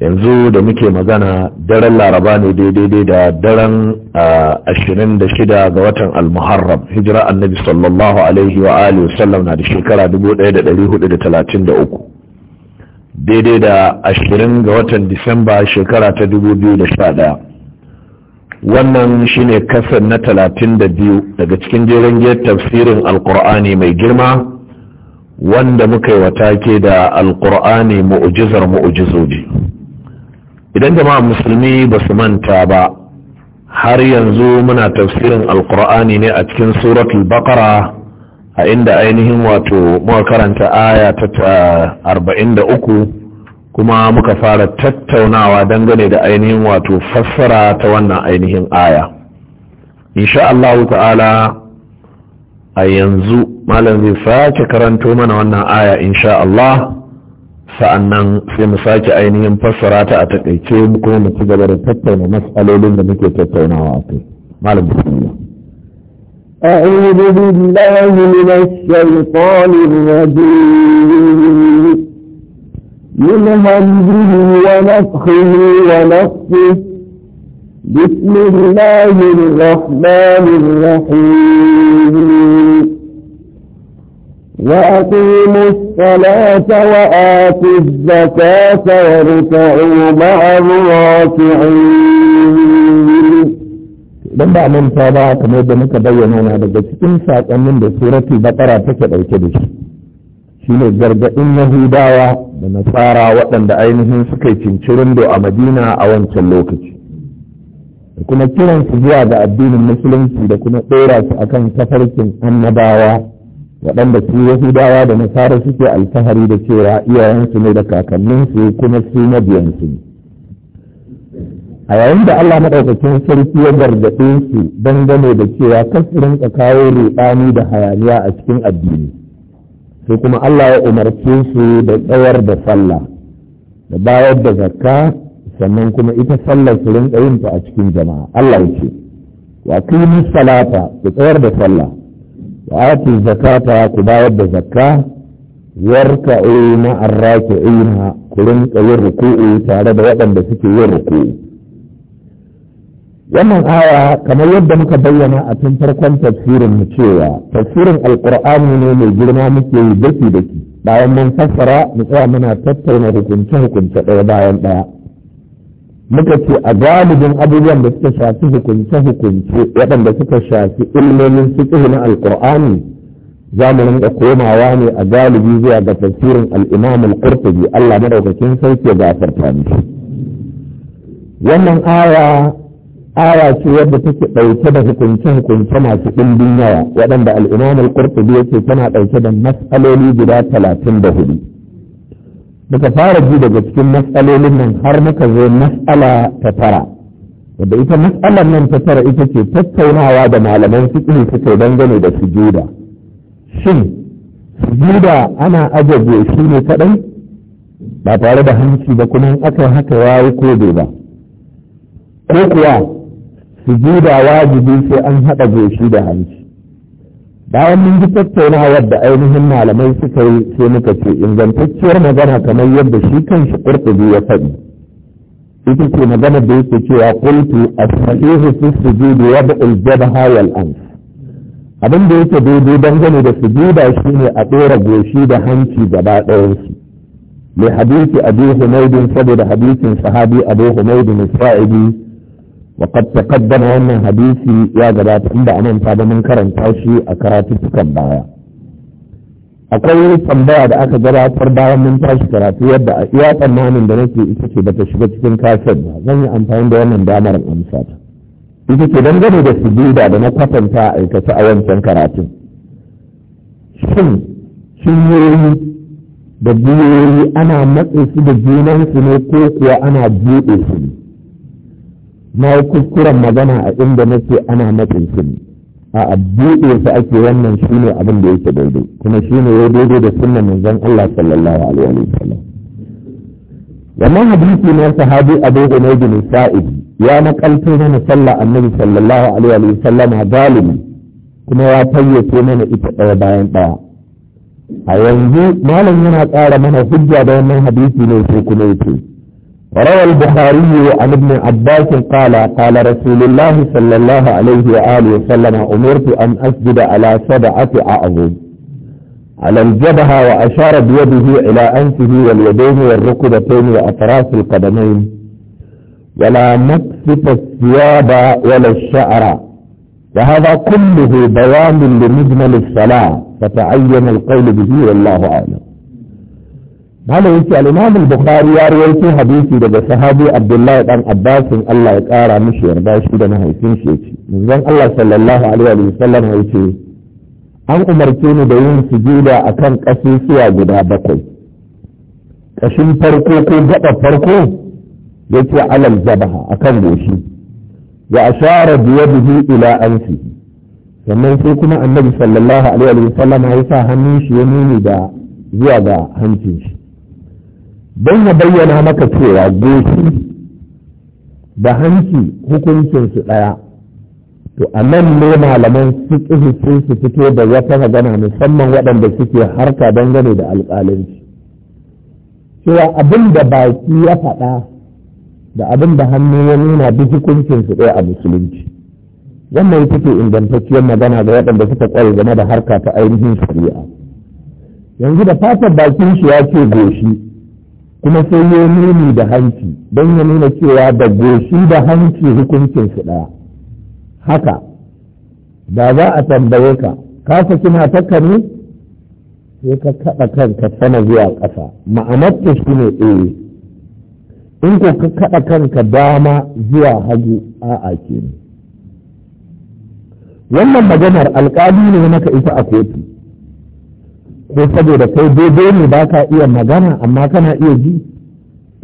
yanzu da muke magana daren laraba ne daidai da daren ashirin da shida ga watan almuharram hijira annabi sallallahu alaihi wa alihi wasallam na da shekara uku, daidai da ashirin ga watan disamba shekara ta ɗaya. wannan shine kasar na talatin da biyu daga cikin jeren tafsirin alkur'ani mai girma wanda muka yi wa take da alkur'ani mu'ujizar mu'ujizoji idan jama'a musulmi ba su manta ba har yanzu muna tafsirin alkur'ani ne a cikin suratul baqara a inda ainihin wato muka karanta aya ta uku kuma muka fara tattaunawa dangane da ainihin wato fassara ta wannan ainihin aya insha Allah ta'ala a yanzu malam zai sake karanto mana wannan aya insha Allah sa'annan sai mu sake ainihin fassara ta a takaice kuma mu ci gaba da tattauna matsalolin da muke tattaunawa a kai malam bismillah أعوذ بالله من الشيطان الرجيم من همزه ونفخه ونفخه بسم الله الرحمن الرحيم وأقيموا الصلاة وآتوا الزكاة واركعوا مع الراكعين don ba manta ba kamar da muka bayyana na daga cikin saƙonnin da surati baƙara take ɗauke da shi shine gargaɗin yahudawa da nasara waɗanda ainihin suka yi cincirin a madina a wancan lokaci da kuma kiran zuwa ga addinin musulunci da kuma ɗora su akan tafarkin annabawa waɗanda su yahudawa da nasara suke alfahari da cewa iyayensu ne da kakanninsu kuma su mabiyansu ne a yayin da Allah maɗaukakin sarki ya gargaɗe su dangane da cewa kasirin kawo ruɗani da hayaniya a cikin addini sai kuma Allah ya umarce su da tsawar da sallah da bayar da zakka sannan kuma ita sallar su rinƙa yin ta a cikin jama'a Allah ya ce wa salata ku tsawar da sallah ku وآتوا الزكاة كباية بزكاة يركعوا مع الراكعين tare da waɗanda suke بسكي يركعوا wannan aya kamar yadda muka bayyana a tun farkon tafsirin mu cewa tafsirin alkur'ani ne mai girma muke yi daki daki bayan mun fassara mu tsaya muna tattauna hukunce hukunce ɗaya bayan ɗaya muka ce a galibin abubuwan da suka shafi hukunce-hukunce waɗanda suka shafi ilmomin fiqh na alƙur'ani za mu rinka komawa ne a galibi zuwa ga tafsirin al-imam al-qurtubi Allah madaukakin sarki ya gafarta mishi wannan aya aya ce wadda take ɗauke da hukunce-hukunce masu ɗimbin yawa waɗanda al-imam al-qurtubi yake tana ɗauke da mas'aloli guda talatin da hudu muka fara ji daga cikin matsalolin nan har muka zo matsala ta tara wadda ita matsalar nan ta tara ita ce tattaunawa da malaman fiƙi suka dangane da sujuda shin sujuda ana ajaje shi ne kaɗai ba tare da hanci ba kuma aka haka ya yi bai ba ko kuwa sujuda wajibi sai an haɗa goshi da hanci bayan mun ji tattauna da ainihin malamai suka yi sai muka ce ingantacciyar magana kamar yadda shi shi ƙurtubi ya faɗi ita ce magana da yake cewa kultu as-sahihu fi sujudi wad'u al-jabha wal abin da yake daidai dangane da sujuda shine a ɗora goshi da hanci gaba su li hadisi abi humaydin saboda hadisin sahabi abu humaydin sa'idi wannan تقدم ya حديثي inda جبات عند أنا مصاب من كرم تاشي أكراتي baya. akwai tambaya da aka gabatar bayan mun tashi karatu yadda iya tsammanin da nake ita ce bata shiga cikin kasar ba zan yi amfani da wannan damar amsa ta ita ce dangane da sujuda da na a aikace a wancan karatun shin cinyoyi da biyoyi ana matse su da junansu ne ko kuwa ana buɗe su ne na yi kuskuren magana a inda nake ana matsin sunni a buɗe su ake wannan shi ne abin da yake daidai kuma shi ne ya daidai da sunan manzon Allah sallallahu alaihi wa sallam wannan hadisi na sahabi Abu Umayd bin Sa'id ya nakalto mana sallah Annabi sallallahu alaihi wa sallam zalimi kuma ya fayyace mana ita ɗaya bayan ɗaya a yanzu malam yana ƙara mana hujja da wannan hadisi ne sai kuma yake وروى البخاري عن ابن عباس قال قال رسول الله صلى الله عليه وآله وسلم أمرت أن أسجد على سبعة أعظم على الجبهة وأشار بيده إلى أنفه واليدين والركبتين وأطراف القدمين ولا مكسف الثياب ولا الشعر وهذا كله بيان لمجمل الصلاة فتعين القول به والله أعلم malam yake al-imam al-bukhari ya rawaito hadisi daga sahabi abdullahi dan abbas Allah ya kara mishi yarda shi da mahaifin shi yace manzon Allah sallallahu alaihi wa sallam yace an umarce ni da yin sujuda akan kasusuwa guda bakwai kashin farko ko gaba farko yace alal zabaha akan goshi wa ashara biyadihi ila anfihi sannan sai kuma annabi sallallahu alaihi wa sallam ya sa hannun shi ya nuni da zuwa ga hancin shi don ya bayyana maka cewa goshi da hanci hukuncinsu ɗaya to a nan ne malaman fiƙihu su fito da wata magana musamman waɗanda suke harka don dangane da alƙalinci cewa abin da baki ya faɗa da abin da hannu ya nuna duk hukuncinsu ɗaya a musulunci wannan ita ce ingantacciyar magana ga waɗanda suka ƙware game da harka ta ainihin shari'a yanzu da fatan bakin shi ya ce goshi kuma sai ya nuni da hanci don ya nuna cewa da goshi da hanci hukuncin su ɗaya haka da za a tambaye ka ka kina matarka ne sai ka kaɗa kanka sama zuwa ƙasa ma'anarta shi ne ɗaya eh. in ko ka kaɗa kanka dama zuwa hagu a'a ke wannan maganar alƙali ne maka ita a kotu ko saboda kai daidai ne ba ka iya magana amma kana iya ji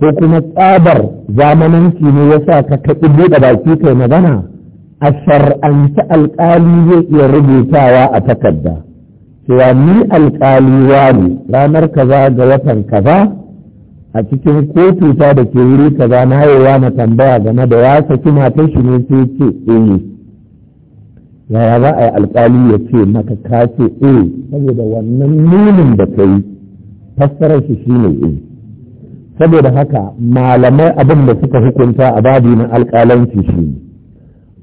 ko kuma tsabar zamananci ne ya sa ka kaɗi buɗe baki kai magana a shar'anci alƙali zai iya rubutawa a takarda cewa ni alƙali wani ranar kaza ga watan kaza a cikin kotu ta da ke wuri kaza na yi na tambaya game da ya saki matar shi ne sai ce eh yaya za a yi alƙali ya ce maka ka ce eh, saboda wannan nunin da ka yi fassarar shi shi ne eh saboda haka malamai abin da suka hukunta a babi na alƙalanci shi ne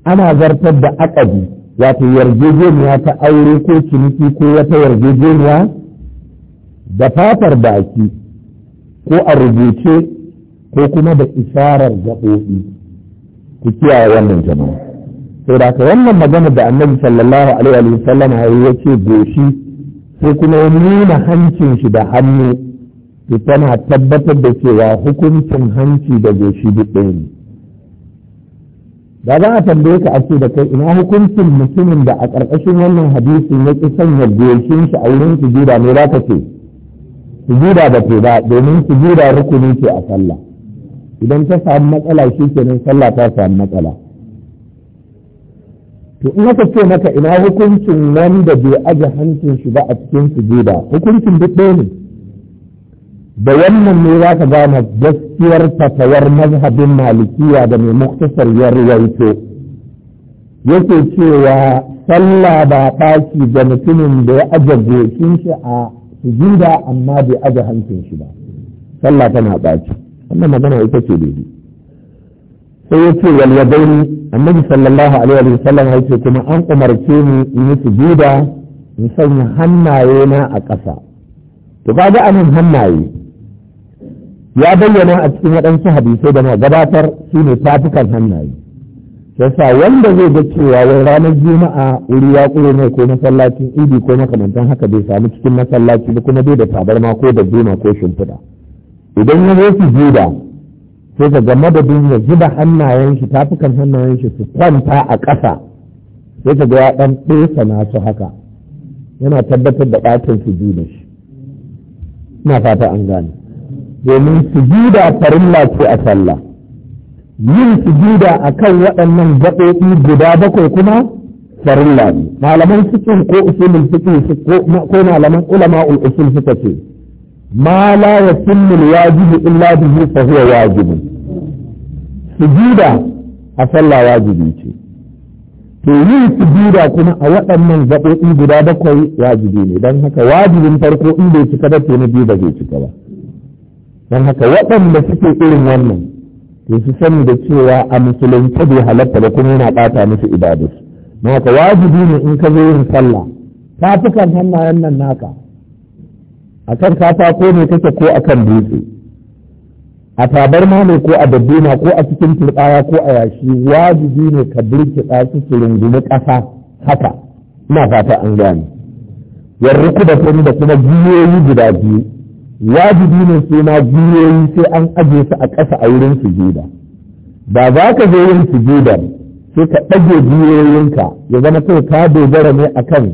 ana zartar da akadi wato yarjejeniya ta aure ko ciniki ko wata yarjejeniya da fatar baki ko a rubuce ko kuma da isarar gaɓoɓi ku kiyaye wannan jama'a to da ka wannan magana da annabi sallallahu alaihi wa sallam ya ce goshi sai kuma nuna hancin shi da hannu to tana tabbatar da cewa hukuncin hanci da goshi duk ɗaya ne da za a tambaye ka a ce da kai ina hukuncin mutumin da a ƙarƙashin wannan hadisin ya ƙi sanya goshin shi a wurin sujuda ne za ka ce sujuda ba ce ba domin sujuda rukuni ce a sallah idan ta samu matsala shi kenan sallah ta samu matsala to in aka ce maka ina hukuncin wanda bai aje hancin shi ba a cikin sujuda hukuncin duk ɗaya ne da wannan ne za ka gane gaskiyar fatawar mazhabin malikiya da mai muktasar ya yake cewa sallah ba ɗaki ga mutumin da ya aje shi a sujuda amma bai aje hancin shi ba sallah tana ɗaki wannan magana ita ce daidai sai ya ce wal yadaini annabi sallallahu alaihi wa sallam ya ce kuma an umarce ni in yi sujuda in sanya hannaye na a ƙasa to kaga anan hannaye ya bayyana a cikin waɗansu hadisai da na gabatar ne tafukan hannaye yasa wanda zai ga cewa wai ranar juma'a wuri ya kure mai ko masallacin idi ko makamantan haka bai samu cikin masallaci ba kuma bai da tabarma ko da juma ko shimfiɗa idan ya zo su juda sai daga madadin ya zuba hannayen shi tafukan hannayen shi su kwanta a ƙasa sai ka daga ya ɗan ɗesa nasu haka yana tabbatar da ɓatin sujuda shi ina fata an gane domin su sujuda farilla ce a sallah yin su sujuda a kan waɗannan gaɓoɓi guda bakwai kuma farilla ne malaman fikin ko usulun fikin ko malaman ulama ul usul suka ce ma la yatimmu alwajibu illa bihi fa huwa wajibun sujuda a sallah wajibi ce to yin sujuda kuma a waɗannan gaɓoɓi guda bakwai wajibi ne don haka wajibin farko in bai cika da to na biyu ba zai cika ba don haka waɗanda suke irin wannan to su sani da cewa a musulunci bai halatta ba kuma yana ɓata musu ibadus don haka wajibi ne in ka zo yin sallah tafukan hannayen nan naka akan katako ne kake ko a kan dutse a tabarma ne ko a dabbina ko a cikin turɓaya ko a yashi wajibi ne ka birkiɗa su su rungumi ƙasa haka ina fata an gane ku da kuma da kuma giyoyi guda biyu wajibi ne su ma giyoyi sai an aje su a ƙasa a wurin sujuda ba za ka zo yin sujudar sai ka ɗage giyoyinka ya zama kai ka dogara ne akan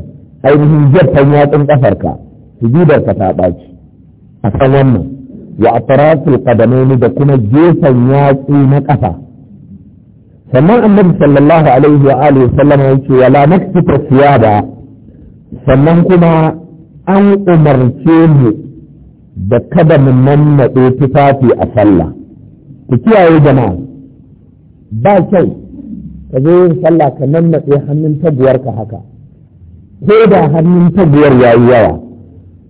ainihin jaffan yatsun ƙafarka sujudar ka ta ɓaci a tsawon mu wa atrafil qadamaini da kuma gefen yatsu na ƙasa sannan annabi sallallahu alaihi wa alihi sallama yake wala naktifa siyaba sannan kuma an umarce mu da kada mu nannaɗe tufafi a sallah ku kiyaye jama'a ba kyau ka zo yin sallah ka nannaɗe hannun taguwarka haka ko da hannun taguwar yayi yawa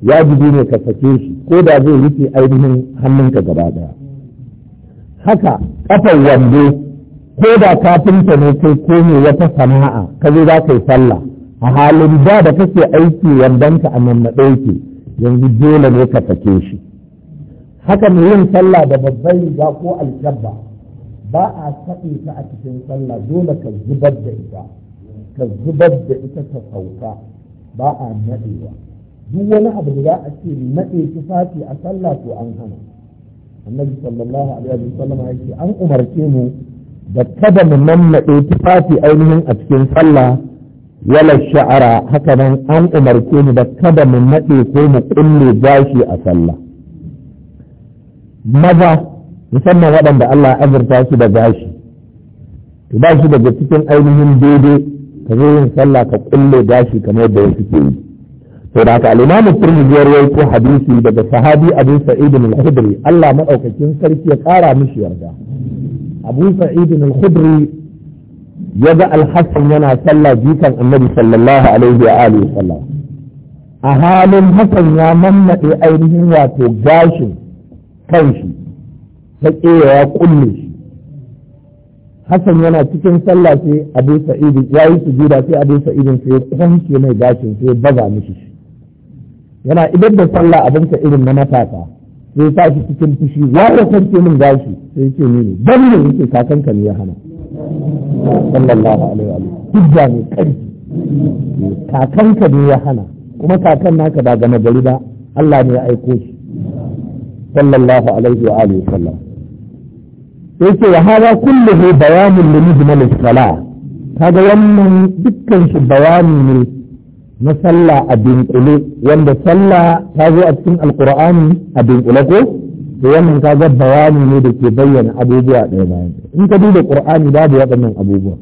wajibi ne ka sake shi ko da zai rufe ainihin hannunka gaba daya haka kafar wando ko da kafinta ne ko kome wata sana'a ka zo za ka yi sallah a halin da da kake aiki wandonka a nannaɗe yake yanzu dole ne ka sake shi haka mai yin sallah da babban riga ko aljabba ba a saɗe ta a cikin sallah dole ka zubar da ita ka zubar da ita ta sauka ba a naɗewa duk wani abu da za a ce naɗe tufafi a sallah to an hana annabi sallallahu alaihi wa sallam ya ce an umarce mu da kada mu nannaɗe tufafi ainihin a cikin sallah wala sha'ara haka nan an umarce mu da kada mu naɗe ko mu kulle gashi a sallah maza musamman waɗanda Allah azurta su da gashi to ba shi daga cikin ainihin daidai ka zo yin sallah ka kulle gashi kamar yadda wasu ke yi to da haka al-Imam ya rawaito hadisi daga sahabi Abu Sa'id al-Khudri Allah madaukakin sarki ya kara mishi yarda Abu Sa'id al-Khudri ya ga al-Hasan yana sallah jikan Annabi sallallahu alaihi wa alihi sallam a halin hasan ya mammade ainihin wato gashin kanshi ta ya kulle shi hasan yana cikin sallah sai Abu Sa'id ya yi sujuda sai Abu Sa'id sai ya kwanke mai gashin sai ya baza mishi shi yana idan da sallah abinka irin na matasa sai sa shi cikin fushi ya da sarki min gashi sai ce ni ne dan ne yake kakanka ne ya hana sallallahu alaihi wa sallam hujja ne kai kakanka ne ya hana kuma kakan naka ba gama gari ba Allah ne ya aiko shi sallallahu alaihi wa alihi sallam yake wa hada kulluhu bayanun lil mujmal as-salah kaga wannan dukkan shi bayani ne na sallah a dunkule wanda sallah ta zo a cikin alkur'ani a dunkule ko wannan kaga bayani ne da ke bayyana abubuwa ɗaya bayan in ka duba qur'ani babu waɗannan abubuwa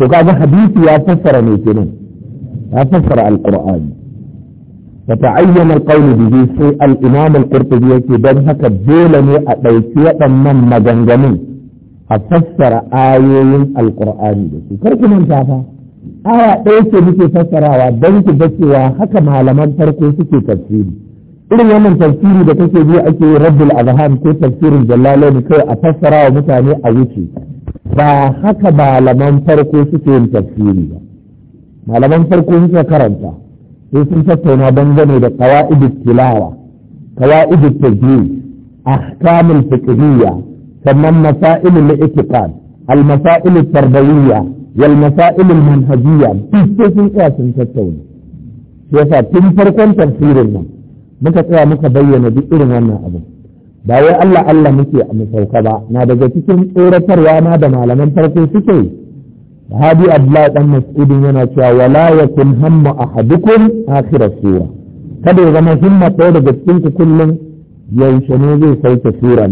to kaga hadisi ya fassara ne kenan ya fassara alkur'ani fa ta'ayyana alqawl bihi sai al-imam al-qurtubi yake dan haka dole ne a ɗauki waɗannan maganganun a fassara ayoyin alkur'ani da su kar manta fa aya ɗaya ce muke fassarawa don ki ga cewa haka malaman farko suke tafsiri irin wannan tafsiri da kake biyu ake yi rabbul ko tafsirin ne kai a fassara wa mutane a wuce ba haka malaman farko suke yin tafsiri ba malaman farko suka karanta sai sun tattauna dangane da qawaidut tilawa qawaidut tajwid ahkamul fiqhiyya sannan masailul itiqad al masailul tarbawiyya والمسائل المنهجية في سيسن قاسم تتون شوفا تم فرقون تفسير المن مكا تقع مكا بينا دي إرنا ما أبو باوي ألا ألا مكي أمي فوقبا نادا جاتكم أورا تروانا دمع لما انترسي سيكي هذه أبلاء المسؤول ينا شا ولا يكن هم أحدكم آخر السورة كده إذا ما هم طول جاتكم كلهم يوشنوزي سيكي سورة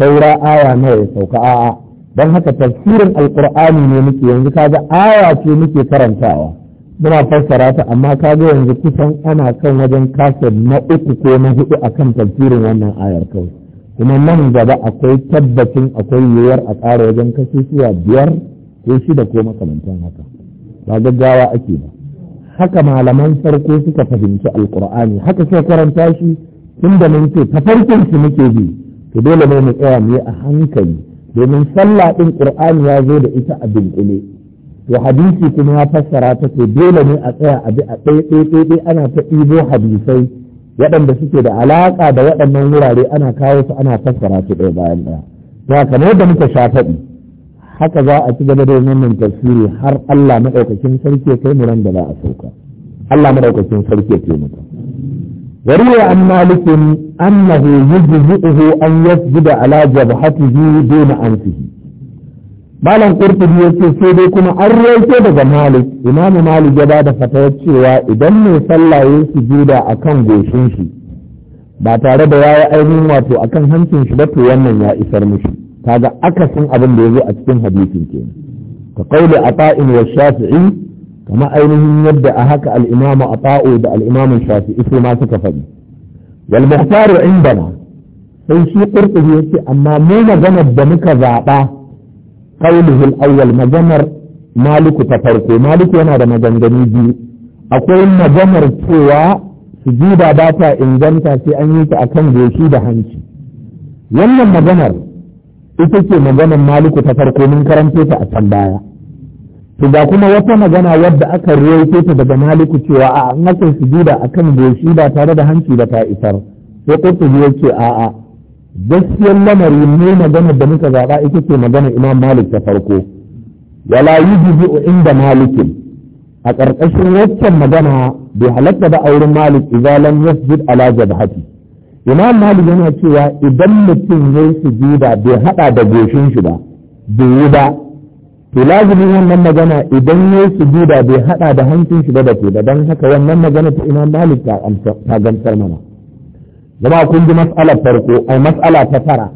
سورة آية نوي فوق آية don haka tafsirin alkur'ani ne muke yanzu kaga aya ce muke karantawa muna fassara ta amma kaga yanzu kusan ana kan wajen kasar na uku ko na hudu akan tafsirin wannan ayar kawai kuma nan gaba akwai tabbacin akwai yiwuwar a ƙara wajen suwa biyar ko shida ko makamantan haka ba gaggawa ake ba haka malaman farko suka fahimci alkur'ani haka suka karanta shi tun da mun ce ta farkon shi muke bi to dole ne mu tsaya mu yi a hankali domin sallah ɗin ƙur'ani ya zo da ita a dunkule to hadisi kuma ya fassara ta ce dole ne a tsaya a bi a ɗaiɗaiɗaiɗai ana ta ibo hadisai waɗanda suke da alaƙa da waɗannan wurare ana kawo su ana fassara su ɗaya bayan ɗaya ya kamar yadda muka sha faɗi haka za a ci gaba da wannan tafsiri har Allah maɗaukacin sarki kai mu da za a sauka Allah sarki ya taimaka وروي عن مالك أنه يجزئه أن يسجد على جبهته دون أنفه malam kurtubi ya ce sai dai kuma an rauke daga malik imamu mali ya da fatawar cewa idan mai sallah ya sujuda a kan goshin shi ba tare da yayi ainihin wato akan hancin shi ba to wannan ya isar mishi kaga san abin da ya zo a cikin hadisin kenan ka qauli ata'in wa shafi'i kama ainihin yadda a haka al'imamu a fa'o da al'imamun shafi isu ma suka faɗi wal muhtaru indana sai shi qurtubi yace amma mu maganar da muka zaɓa qauluhul awwal maganar maliku ta farko maliku yana da maganganu biyu akwai maganar cewa su ba ta inganta sai an yi ta akan goshi da hanci wannan maganar ita ce maganar maliku ta farko mun karanto ta a can baya to ga kuma wata magana wadda aka ruwaito ta daga maliku cewa a an aka sujuda akan goshi ba tare da hanci ba ta isar sai qurtubi yace a a gaskiyar lamari ne magana da muka zaba ita ce magana imam malik ta farko wala yujzu inda malikin a ƙarƙashin waccan magana bai halatta ba auren malik izalan yasjud ala jabhati imam malik yana cewa idan mutum ya sujuda bai hada da goshin shi ba bai yi ba to lazumin wannan magana idan ya yi sujuda bai haɗa da hancin shi ba da ke da don haka wannan magana ta imam malik ta gamsar mana zama kun ji mas'alar farko ai mas'ala ta tara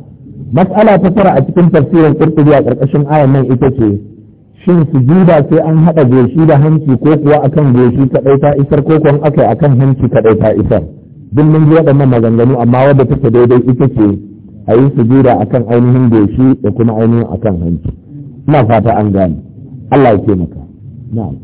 mas'ala ta tara a cikin tafsirin qurtubi a ƙarƙashin ayan nan ita ce shin duba sai an haɗa goshi da hanci ko kuwa akan goshi kaɗai ta isar ko kuwa akai akan hanci kaɗai ta isar duk mun ji waɗannan maganganu amma wadda take daidai ita ce a yi su duba akan ainihin goshi da kuma ainihin akan hanci ina fata an gane Allah ya taimaka na'am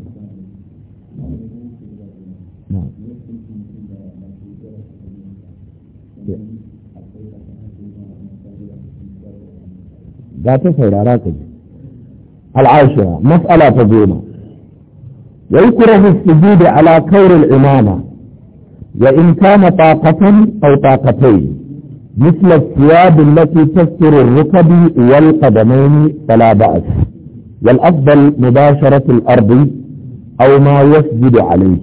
za ta saurara ka ji al'ashira mas'ala ta goma ya yi kura hussudu da ala kaurin imama ya in kama takatan au takatai مثل الثياب التي تستر الركب والقدمين فلا بأس والأفضل مباشرة الأرض أو ما يسجد عليه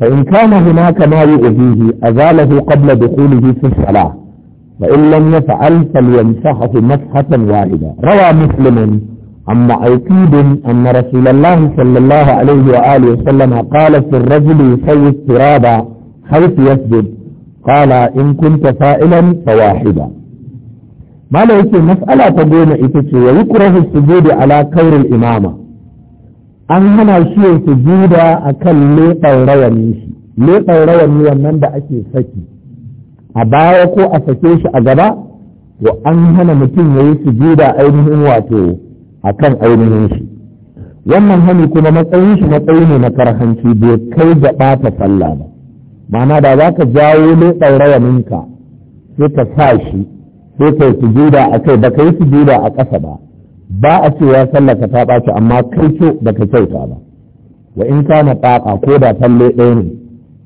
فإن كان هناك ما يؤذيه أزاله قبل دخوله في الصلاة فإن لم يفعل فليمسحه مسحة واحدة روى مسلم عن معيقيد أن رسول الله صلى الله عليه وآله وسلم قال في الرجل يسوي التراب حيث يسجد Bala in kunta fa'ilan fa wahida mala yake mas'ala ta goma ita ce wa yukrahu sujudu ala kauril imama an hana shi ya sujuda akan leɓan rawani shi leɓan rawani wannan da ake saki a baya ko a sake shi a gaba wa an hana mutum ya yi sujuda ainihin wato akan ainihin shi wannan hani kuma matsayin shi matsayi ne na karhanci bai kai ga ɓata sallah ba mana da za ka jawo leɓar rawaninka sai ka sa shi sai ka yi sujuda a kai ba ka yi sujuda a ƙasa ba ba a ce cewa sallaka ta ɓaci amma kai ce ba ka kyauta ba wa in kana tsaka ko da falle ɗaya ne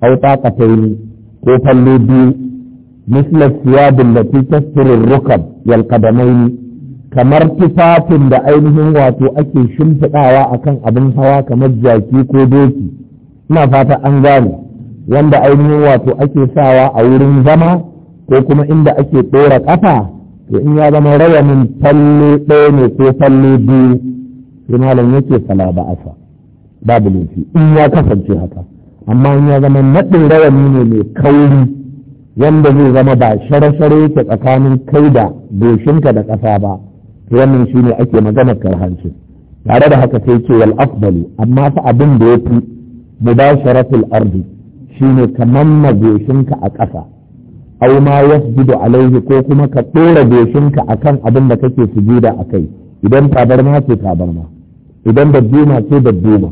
au tsaka ta yi ko falle biyu misla siyabin da fi tasirin rukab yal kamar tufafin da ainihin wato ake shimfiɗawa akan abin hawa kamar jaki ko doki ina fata an gane wanda ainihin wato ake sawa a wurin zama ko kuma inda ake ɗora ƙafa to in ya zama rawanin falle ɗaya ne ko falle biyu sai malam yake sala ba asa babu laifi in ya kasance haka amma in ya zama naɗin rawani ne mai kauri wanda zai zama ba share-share yake tsakanin kai da goshinka da ƙasa ba to wannan shine ake maganar karhanci tare da haka sai ce wal afdalu amma fa abin da yafi mubasharatul ardi shine ka mamma goshinka a ƙasa auma ma yasjudu alaihi ko kuma ka ɗora goshinka akan abin da kake sujuda a kai idan tabarma ce tabarma idan dabbuma ce dabbuma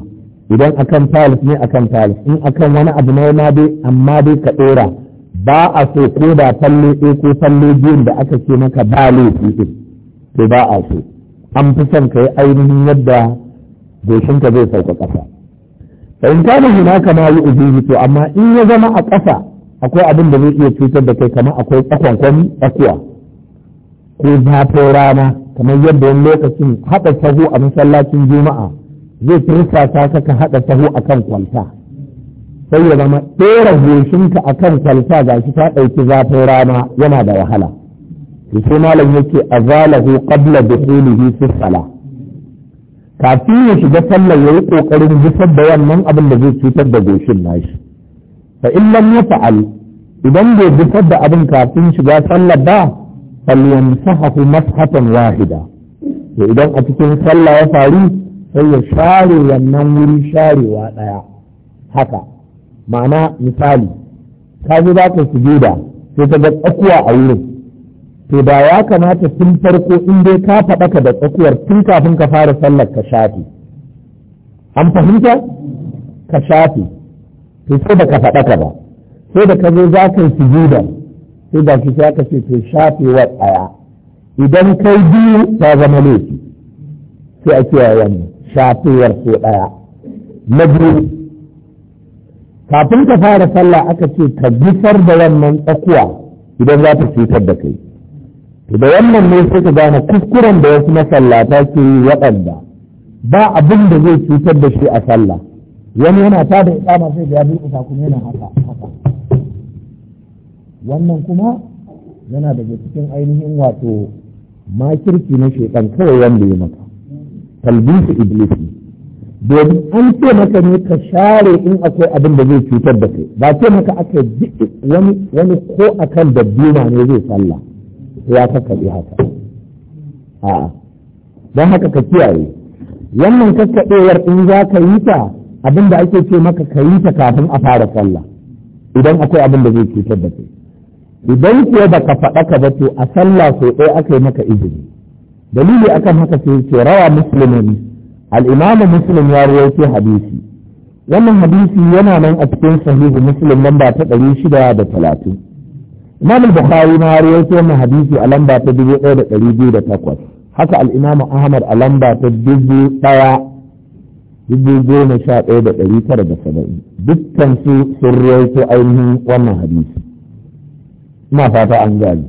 idan akan tiles ne akan tiles in akan wani abu ne ma dai amma dai ka ɗora ba a so ko da falle ɗaya ko falle biyun da aka ce maka ba laifi ɗin to ba a so an fi son ka yi ainihin yadda goshinka zai sauka ƙasa fa in kana hunaka ma yu'dihi to amma in ya zama a ƙasa akwai abin da zai iya cutar da kai kamar akwai tsakon kwami tsakuwa ko zafin rana kamar yadda wani lokacin haɗa sahu a masallacin juma'a zai tursasa ta saka haɗa sahu a kan kwalta sai ya zama ɗora goshinka kan kwalta ga shi ta ɗauki zafin rana yana da wahala to sai malam yake azalahu qabla dukhulihi fi salah kafin ya shiga sallar ya yi ƙoƙarin jifar da wannan abin da zai cutar da goshin nashi fa in lam ya idan bai jifar da abin kafin shiga sallar ba falyamsahu mashatan wahida to idan a cikin sallah ya faru sai ya share wannan wuri sharewa ɗaya haka ma'ana misali ka zo za ka sujuda sai ka ga tsakuwa a wurin to da ya kamata tun farko in dai ka faɗa ka da tsakuwar tun kafin ka fara sallar ka shafi an fahimta ka shafi to sai da ka faɗa ka ba sai da ka zo za ka yi sujuda sai da shi sai ka ce to shafewar ɗaya idan kai biyu ta zama laifi sai a wa wani shafewar so ɗaya na biyu kafin ka fara sallah aka ce ka gusar da wannan tsakuwa idan za ta cutar da kai da wannan ne suka gane kuskuren da wasu masallata ke yi waɗanda ba abin da zai cutar da shi a sallah wani yana ta da ikama sai da ya bi kuma yana haka haka wannan kuma yana daga cikin ainihin wato makirki na shekan kawai wanda ya maka talbisu iblis domin an ce maka ne ka share in akwai abin da zai cutar da kai ba ce maka aka wani ko akan dabbina ne zai sallah ya kakkaɓe haka a'a don haka ka kiyaye wannan kakkaɓewar in za ka yi ta abin da ake ce maka ka yi ta kafin a fara sallah idan akwai abin da zai cutar da kai idan kuwa ba ka faɗa ka ba to a sallah sau ɗaya aka yi maka izini dalili akan haka sai ce rawa musulmin al-imam muslim ya rawaito hadisi wannan hadisi yana nan a cikin sahihu muslim lamba ta ɗari shida da talatin imam al-bukhari ma rawaito wannan hadisi a lamba ta 1208 haka al-imam ahmad a lamba ta 111970 dukkan su sun rawaito ainihin wannan hadisi ina fata an gani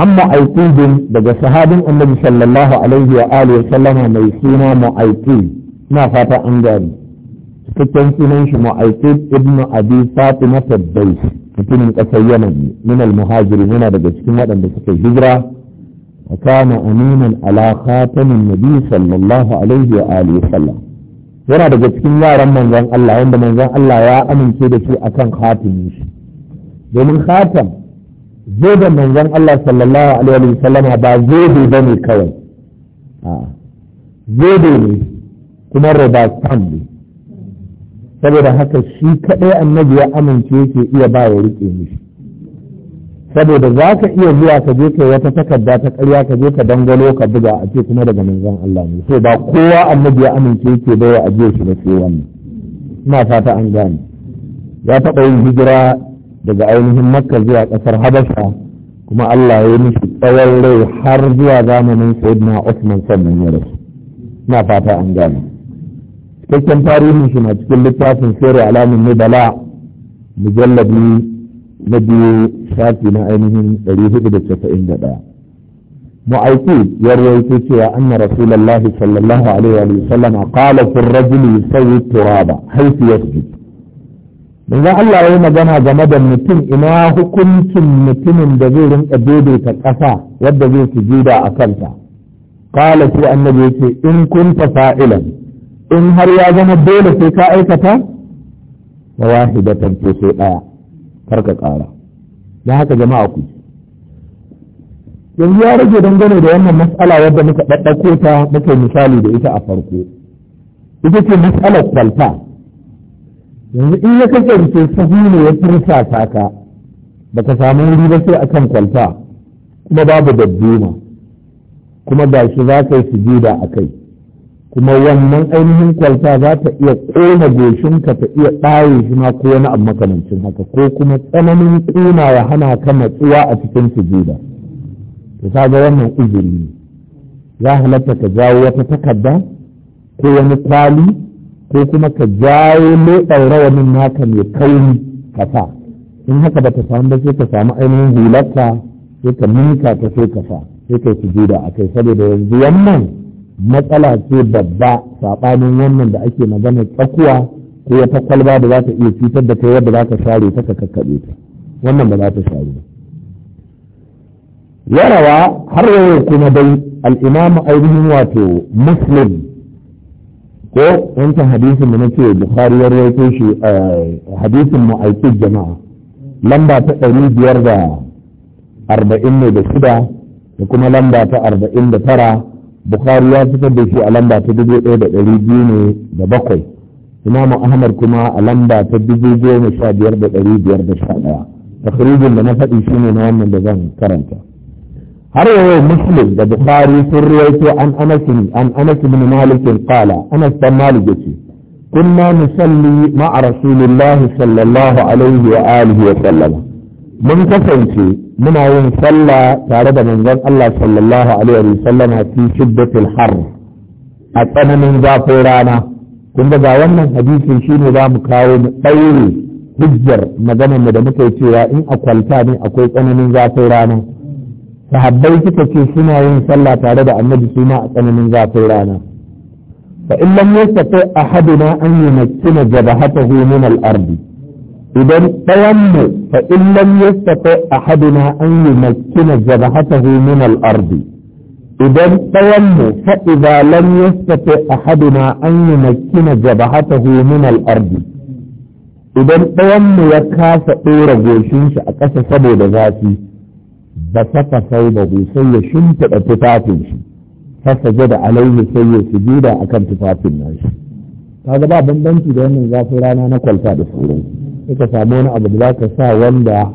amma aikudin daga sahabin annabi sallallahu alaihi wa alihi wa sallama mai suna mu'aiqi ina fata an gani cikakken sunan shi mu'aikid ibn abi fatima tabbais mutumin kasar yaman min al-muhajirin yana daga cikin waɗanda suka hijira wa kana aminan ala khatamin nabi sallallahu alaihi wa alihi sallam yana daga cikin yaran manzon Allah wanda manzon Allah ya amince da shi akan khatimin shi domin khatam zai da manzon Allah sallallahu alaihi wa sallam ba zai bane kawai a zai ne kuma robert stanley saboda haka shi kaɗai annabi ya amince yake iya ba ya riƙe mishi saboda za ka iya zuwa ka je kai wata takarda ta ƙarya ka je ka dangalo ka buga a ce kuma daga manzon Allah ne sai ba kowa annabi ya amince yake bai wa ajiye shi ba sai wannan ina fata an gane ya taɓa yin hijira daga ainihin makka zuwa ƙasar habasha kuma Allah ya yi mishi tsawon rai har zuwa zamanin sayyidina Usman sannan ya rasu ina fata an gane cikakken tarihin shi na cikin littafin sirri alamin nubala mujallabi na biyu shafi na ainihin 491 mu'aiki ya rawaito cewa anna rasulullahi sallallahu alaihi wa sallam qala fi rajuli yusawwi turaba haythu yasjud manzo Allah ya magana game da mutum ina hukuncin mutumin da zai rinka daidaita ƙasa wadda zai sujuda a kanta qala sai annabi yace in kunta fa'ilan in har ya zama dole sai ka aikata wa wahidatan to sai daya karka kara da haka jama'a ku yanzu ya rage dangane da wannan matsala wadda muka ɗaɗɗako ta muka misali da ita a farko ita ce matsalar kwalta yanzu in ya kasance sahu ne ya furta ka samu wuri ba sai akan kwalta kuma babu dabbuma kuma gashi za ka yi sujuda a kai kuma wannan ainihin kwalta za ta iya ƙona goshinka ta iya ɓare shi ma ko wani abu makamancin haka ko kuma tsananin ƙuna ya hana ka matsuwa a cikin sujuda to kaga wannan uzuri ne ya halatta ka jawo wata takarda ko wani kwali ko kuma ka jawo leɓar rawanin naka mai kauri ka kasa. in haka ba ta samu ba sai ka samu ainihin hularka sai ka minka ta sai ka sa sai ka sujuda a kai saboda yanzu wannan matsala ce babba saɓanin wannan da ake magana tsakuwa ko wata kwalba da za ta iya cutar da kai yadda za ka share ta ka kakkaɓe ta wannan ba za ta share ba yarawa har yau kuma dai al'imamu ainihin wato muslim ko wancan hadisin da nake bukhari ya rawaito shi eh, hadisin aiki jama'a lamba ta ɗari biyar da arba'in ne da shida da kuma lamba ta arba'in da tara bukhari ya fitar da shi a lamba ta dubu ɗaya da ɗari biyu ne da bakwai imamu ahmad kuma a lamba ta dubu goma sha biyar da ɗari biyar da sha ɗaya takrijin da na faɗi shi ne na wannan da zan karanta har yau muslim da bukari sun ruwaito an anas an anas bin malik qala anas bin malik yace kunna nusalli ma'a rasulillahi sallallahu alaihi wa alihi wa sallam mun kasance muna yin sallah tare da manzon Allah sallallahu alaihi wa sallam fi shiddatil har a tsananin zafin rana kun ga wannan hadisin shine za mu kawo mu ɗaure hujjar maganar mu da muke cewa in a kwalta ne akwai tsananin zafin rana sahabbai suka ce suna yin sallah tare da annabi su ma a tsananin zafin rana fa in lam yastati ahaduna an yumakkina jabhatahu min al-ardi idan ɗayanmu fa illam yastafa ahaduna an yumakkina jabhatahu min al-ardi idan ɗayanmu fa idza lam yastafa ahaduna an yumakkina jabhatahu min al-ardi idan ɗayanmu ya kasa ɗora goshin shi a ƙasa saboda zafi ba saka sai da sai ya shimfiɗa tufafin shi fasaje da alaihi sai ya sujuda akan tufafin nashi kaga ba bambanci da wannan zafin rana na kwalta da sauransu sai ka samu wani abu da za ka sa wanda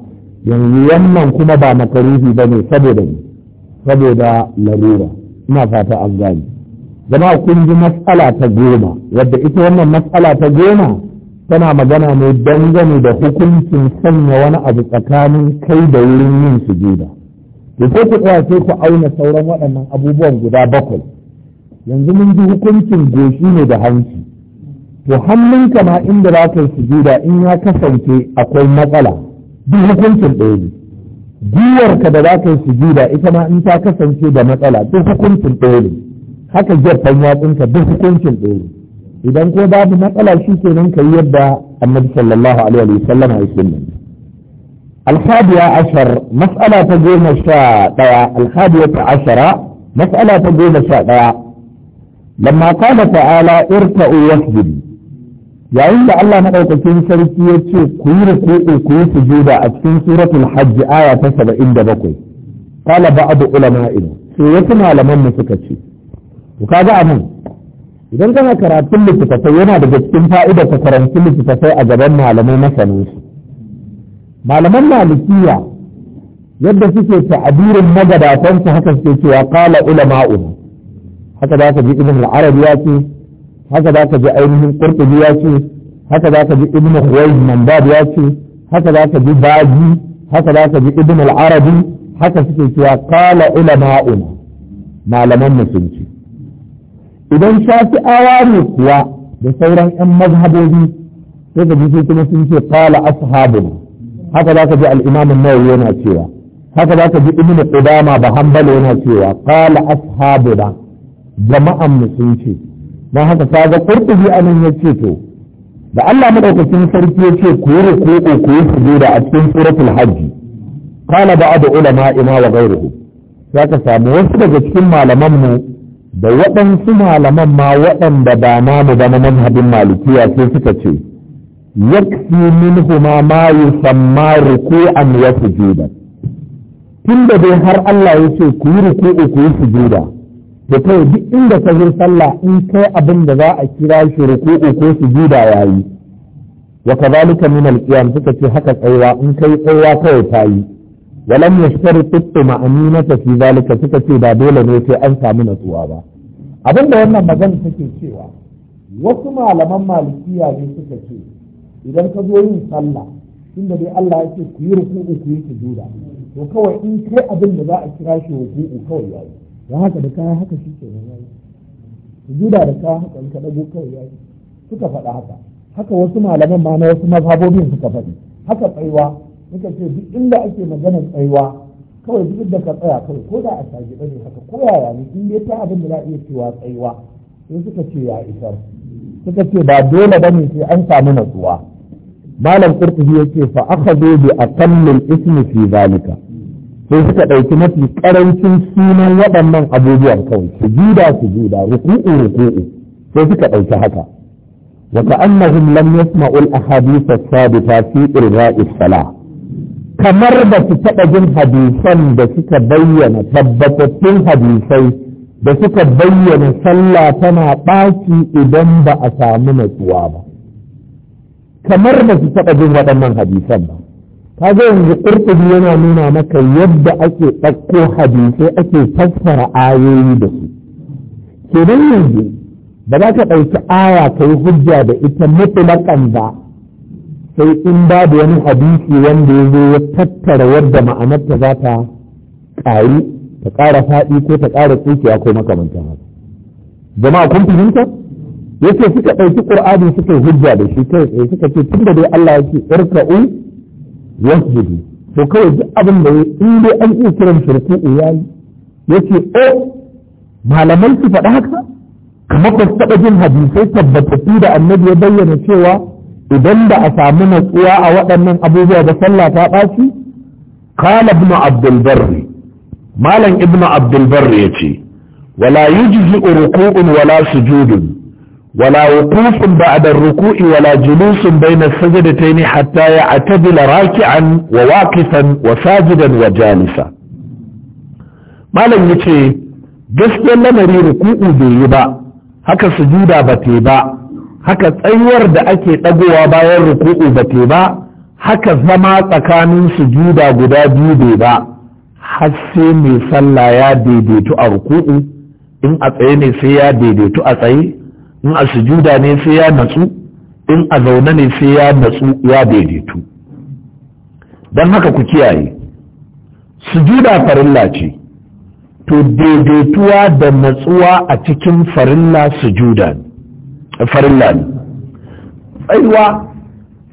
yanzu wannan kuma ba makaruhi ba ne saboda ne saboda larura ina fata an gani zama kun ji matsala ta goma wadda ita wannan matsala ta goma tana magana ne dangane da hukuncin sanya wani abu tsakanin kai da wurin yin sujuda da ko ku tsaya sai ku auna sauran waɗannan abubuwan guda bakwai yanzu mun ji hukuncin goshi ne da hanci to hannunka ma inda za ka yi sujuda in ya kasance akwai matsala duk hukuncin ɗaya ne gwiwarka da za ka yi sujuda ita ma in ta kasance da matsala duk hukuncin ɗaya ne haka gefen yatsunka duk hukuncin ɗaya ne idan ko babu matsala shi nan ka yi yadda annabi sallallahu alaihi wa sallam ya sunna الحادية عشر مسألة تقول الشاطئة الحادية عشرة مسألة تقول الشاطئة لما قال تعالى اركعوا واسجدوا yayin da Allah na maɗaukakin sarki ya ce ku yi ruku'u ku yi sujuda a cikin suratul hajji aya ta saba'in da bakwai kala ba'adu ulama'in sai wasu malaman mu suka ce ku kaga a nan idan kana karatun littattafai yana daga cikin fa'idar ka karanci littattafai a gaban malamai masanin su malaman malikiya yadda suke ta'abirin magabatan su haka suke cewa qala ulama'un haka za ka ji ibn al-arabi ya ce haka za ka ji ainihin qurtubi ya ce haka za ka ji ibn huwayz mandab ya ce haka za ka ji baji haka za ka ji ibn al-arabi haka suke cewa qala ulama'una malaman musulunci idan shafi'awa ne kuwa da sauran 'yan mazhabobi sai ka ji sai kuma sun ce qala ashabuna haka za ka ji al-imam an-nawawi yana cewa haka za ka ji ibn qudama ba hanbali yana cewa qala ashabuna jama'an musulunci don haka kaga kurtubi anan ya ce to da Allah madaukakin sarki ya ce ku yi ruku'u ku yi sujuda a cikin suratul hajji qala da ulama ima wa ya ka samu wasu daga cikin malaman mu da waɗansu malaman ma waɗanda ba na ba na manhajin malikiya sai suka ce yakfi minhuma ma yusamma ruku'an wa sujudan tunda dai har Allah ya ce ku yi ruku'u ku yi sujuda da kai duk inda ka zo sallah in kai abin da za a kira shi ruku'u ko sujuda yayi wa kadhalika min al-qiyam suka ce haka tsayuwa in kai tsayuwa kawai ta yi walam yashtaritu ma'aninata fi zalika suka ce ba dole ne sai an samu natsuwa ba abin da wannan magana take cewa wasu malaman malikiya ne suka ce idan ka zo yin sallah inda dai Allah ya ce ku yi ruku'u ku yi sujuda to kawai in kai abin da za a kira shi ruku'u kawai yayi da haka da kaya haka shi ke nan yayi sujuda da kaya haka in ka dago kawai yayi suka faɗa haka haka wasu malaman ma na wasu mazhabobin suka faɗi haka tsaiwa muka ce duk inda ake maganar tsaiwa kawai duk da ka tsaya kawai ko da a saji ne haka ko yaya ne in dai ta abin da za a iya cewa tsaiwa sai suka ce ya isar suka ce ba dole ba ne sai an samu natsuwa malam qurtubi yake fa akhadhu bi aqallil ismi fi zalika sai suka ɗauki mafi ƙarancin sunan waɗannan abubuwan kawai su juda su juda ruku'u ruku'u sai suka ɗauki haka wa ka'annahum lam yasma'ul ahadith as-sabita fi irra'i salah kamar ba su taɓa jin hadisan da suka bayyana tabbatattun hadisai da suka bayyana sallah tana ɓaci idan ba a samu natsuwa ba kamar ba su taɓa jin waɗannan hadisan ba Ka kaga yanzu ƙurƙubi yana nuna maka yadda ake ɗauko hadisai ake fassara ayoyi da su nan yanzu ba za ka ɗauki aya ka yi hujja da ita mutulakan ba sai in ba da wani hadisi wanda ya zo ya tattara yadda ma'anarta za ta ƙari ta ƙara faɗi ko ta ƙara tsukiya ko makamantan haka jama'a kun fahimta yace suka ɗauki ƙur'ani suka yi hujja da shi kai suka ce tunda dai Allah ya ce irka'u wasjudu to kawai duk abin da ya in dai an iya kiran shirku yayi yace o oh, malaman su faɗa haka kamar ba su taɓa jin hadisai tabbatattu da annabi ya bayyana cewa idan da a samu natsuwa a waɗannan abubuwa da sallah ta ɓaci kala ibnu abdul malam ibnu abdul barri yace wala yujzi ruku'un wala sujudun Wala ولا وقوف بعد الركوع ولا جلوس بين السجدتين حتى يعتدل راكعا وواقفا وساجدا وجالسا malam ya ce gaskiyar lamari ruku'u bai yi ba haka sujuda ba te ba haka tsayuwar da ake ɗagowa bayan ruku'u ba te ba haka zama tsakanin sujuda guda biyu bai ba har sai mai sallah ya daidaitu a ruku'u in a tsaye ne sai ya daidaitu a tsaye in a sujuda ne sai ya natsu in a zaune ne sai ya natsu ya daidaitu don haka ku kiyaye sujuda farilla ce to daidaituwa da natsuwa a cikin farilla sujuda farilla ne tsayuwa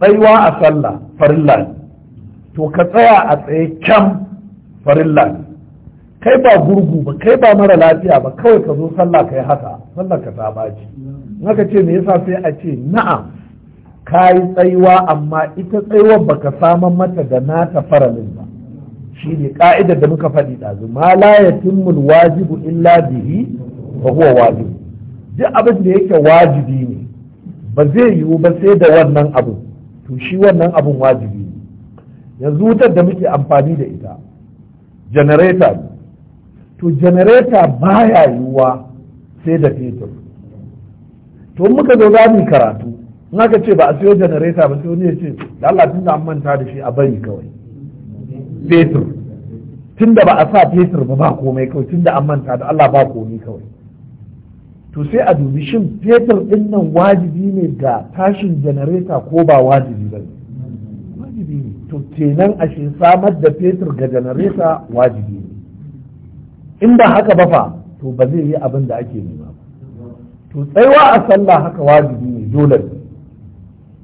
tsayuwa a sallah farilla ne to ka tsaya a tsaye can farilla ne kai ba gurgu ba kai ba mara lafiya ba kawai ka zo sallah kai haka sallah ka ta baci naka ce me yasa sai a ce na'am ka yi tsayuwa amma ita tsayuwar baka saman mata da na nata faralin ba shi ne ka'idar da muka faɗi ɗazu ma la timmul wajibu illa bihi wa huwa wajib duk abin da yake wajibi ne ba zai yiwu ba sai da wannan abu to shi wannan abun wajibi ne yanzu wutar da muke amfani da ita janareta to janareta baya yiwuwa sai da fetur to muka zo za mu karatu in aka ce ba a siyo janareta ba sai wani ya ce da Allah tunda an manta da shi a bari kawai fetur tunda ba a sa fetur ba ba komai kawai tunda an manta da Allah ba komai kawai to sai a dubi shin fetur din nan wajibi ne ga tashin janareta ko ba wajibi ba wajibi ne to kenan a shi samar da fetur ga janareta wajibi in ba haka ba fa to ba zai yi abin da ake nema to tsaiwa a sallah haka wajibi ne dole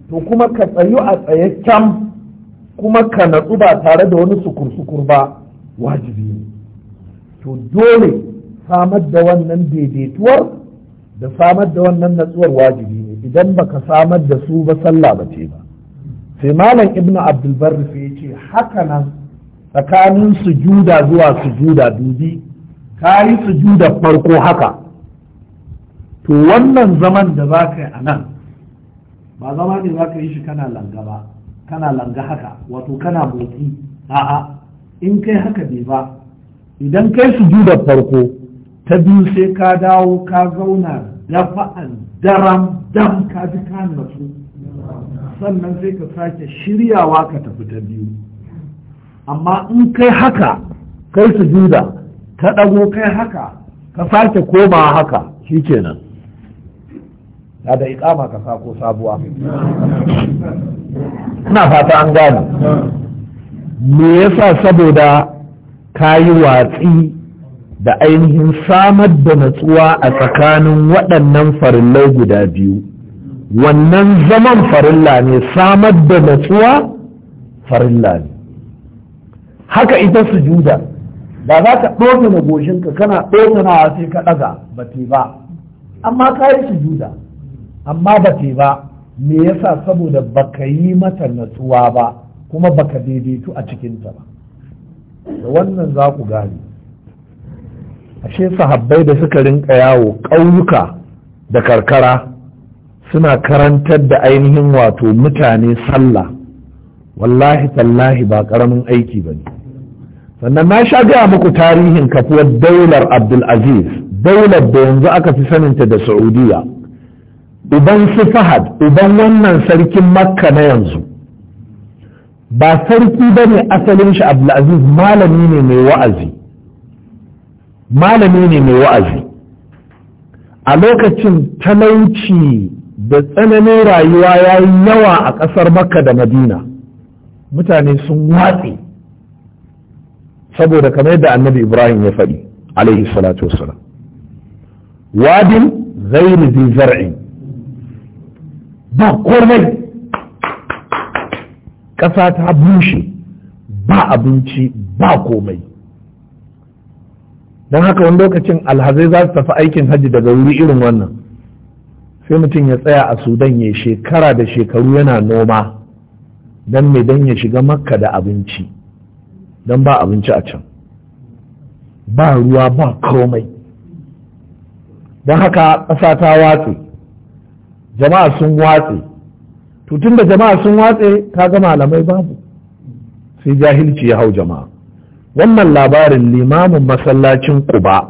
to kuma ka tsayu a tsaye can kuma ka natsu ba tare da wani sukur-sukur ba wajibi ne to dole samar da wannan daidaituwar da samar da wannan natsuwar wajibi ne idan ba ka samar da su ba sallah ba ce ba sai malam ibnu abdulbar sai ya ce haka nan tsakanin sujuda zuwa sujuda dubi ka yi sujuda farko haka to wannan zaman da za ka yi a nan ba zama ne za ka yi shi kana langa ba kana langa haka wato kana motsi a'a in kai haka bai ba idan kai da farko ta biyu sai ka dawo ka zauna dafa'an daram dam ka ji ka sannan sai ka sake shiryawa ka tafi ta biyu amma in kai haka kai sujuda ka ɗago kai haka ka sake koma haka shi kenan na da ikama ka sako sabuwa ina fata an gane me yasa saboda ka yi watsi da ainihin samar da natsuwa a tsakanin waɗannan farillai guda biyu wannan zaman farilla ne samar da natsuwa farilla ne haka ita sujuda Ba za ka na goshinka kana ɗotanawa sai ka ɗaga ba te ba amma ka yi juda amma ba te ba me yasa saboda baka yi mata natsuwa ba kuma baka daidaitu a cikinta ba da wannan za ku gane ashe sahabbai da suka rinka yawo ƙauyuka da karkara suna karantar da ainihin wato mutane sallah wallahi tallahi ba ƙaramin aiki ba ne sannan na sha gaya muku tarihin kafuwar daular abdulaziz daular da yanzu aka fi saninta da saudiya uban su fahad uban wannan sarkin makka na yanzu ba sarki ba ne asalin shi abdulaziz malami ne mai wa'azi malami ne mai wa'azi a lokacin talauci da tsananin rayuwa ya yi yawa a ƙasar makka da madina mutane sun watse saboda kamar yadda annabi ibrahim ya faɗi alaihi salatu wasalam wadin zairi zai zar'i ba komai ƙasa ta bushe ba abinci ba komai don haka wani lokacin alhazai za su tafi aikin hajji daga wuri irin wannan sai mutum ya tsaya a sudan ya shekara da shekaru yana noma don mai don ya shiga makka da abinci don ba abinci a can ba ruwa ba komai don haka ƙasa ta watse jama'a sun watse tun da jama'a sun watse ta ga malamai babu sai jahilci ya hau jama'a wannan labarin limamin masallacin kuba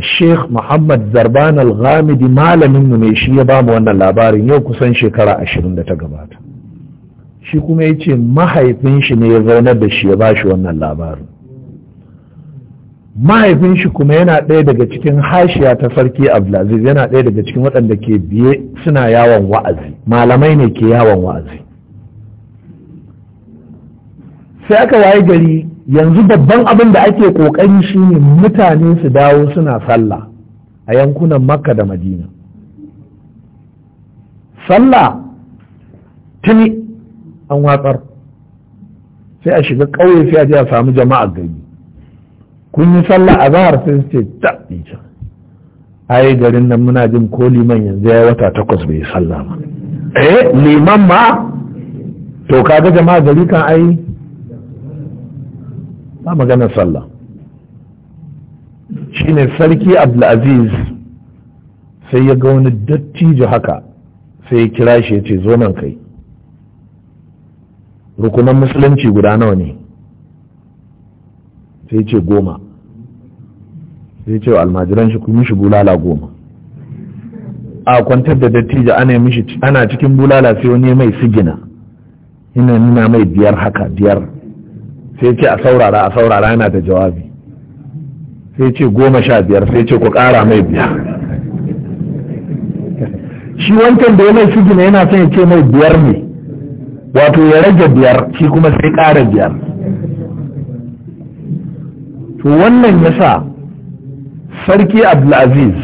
Sheikh Muhammad Zarban Al-Ghamidi malaminmu ne shi ya bamu wannan labarin yau kusan shekara ashirin da ta gabata. shi kuma ya ce mahaifin shi ne ya zaunar da shi ya ba shi wannan labarin mahaifin shi kuma yana ɗaya daga cikin hashiya ta sarki abdulaziz yana ɗaya daga cikin waɗanda ke biye suna yawon wa'azi malamai ne ke yawon wa'azi sai aka waye gari yanzu babban abin da ake ƙoƙari shine mutane su dawo suna sallah a yankunan makka da madina sallah tuni an watsar sai a shiga ƙauye sai a je a samu jama'a gari kun yi sallah a zahar sai ce ta A yi garin nan muna jin ko liman yanzu ya wata takwas bai sallah ba eh liman ma to kaga jama'a gari kan ai ba maganar sallah shine sarki abdulaziz sai ya ga wani dattijo haka sai ya kira shi ya ce zo nan kai rukunan musulunci guda nawa ne sai ce goma sai ce almajiran shi kuma shi bulala goma a kwantar da dattijo ana cikin bulala sai wani mai sigina ina nuna mai biyar haka biyar sai ce a saurara a saurara yana da jawabi sai ce goma sha biyar sai ce ku ƙara mai biyar shi wancan da ya mai sigina yana son ya ce mai biyar ne wato ya rage biyar shi kuma sai ƙara biyar to wannan ya sa sarki abdulaziz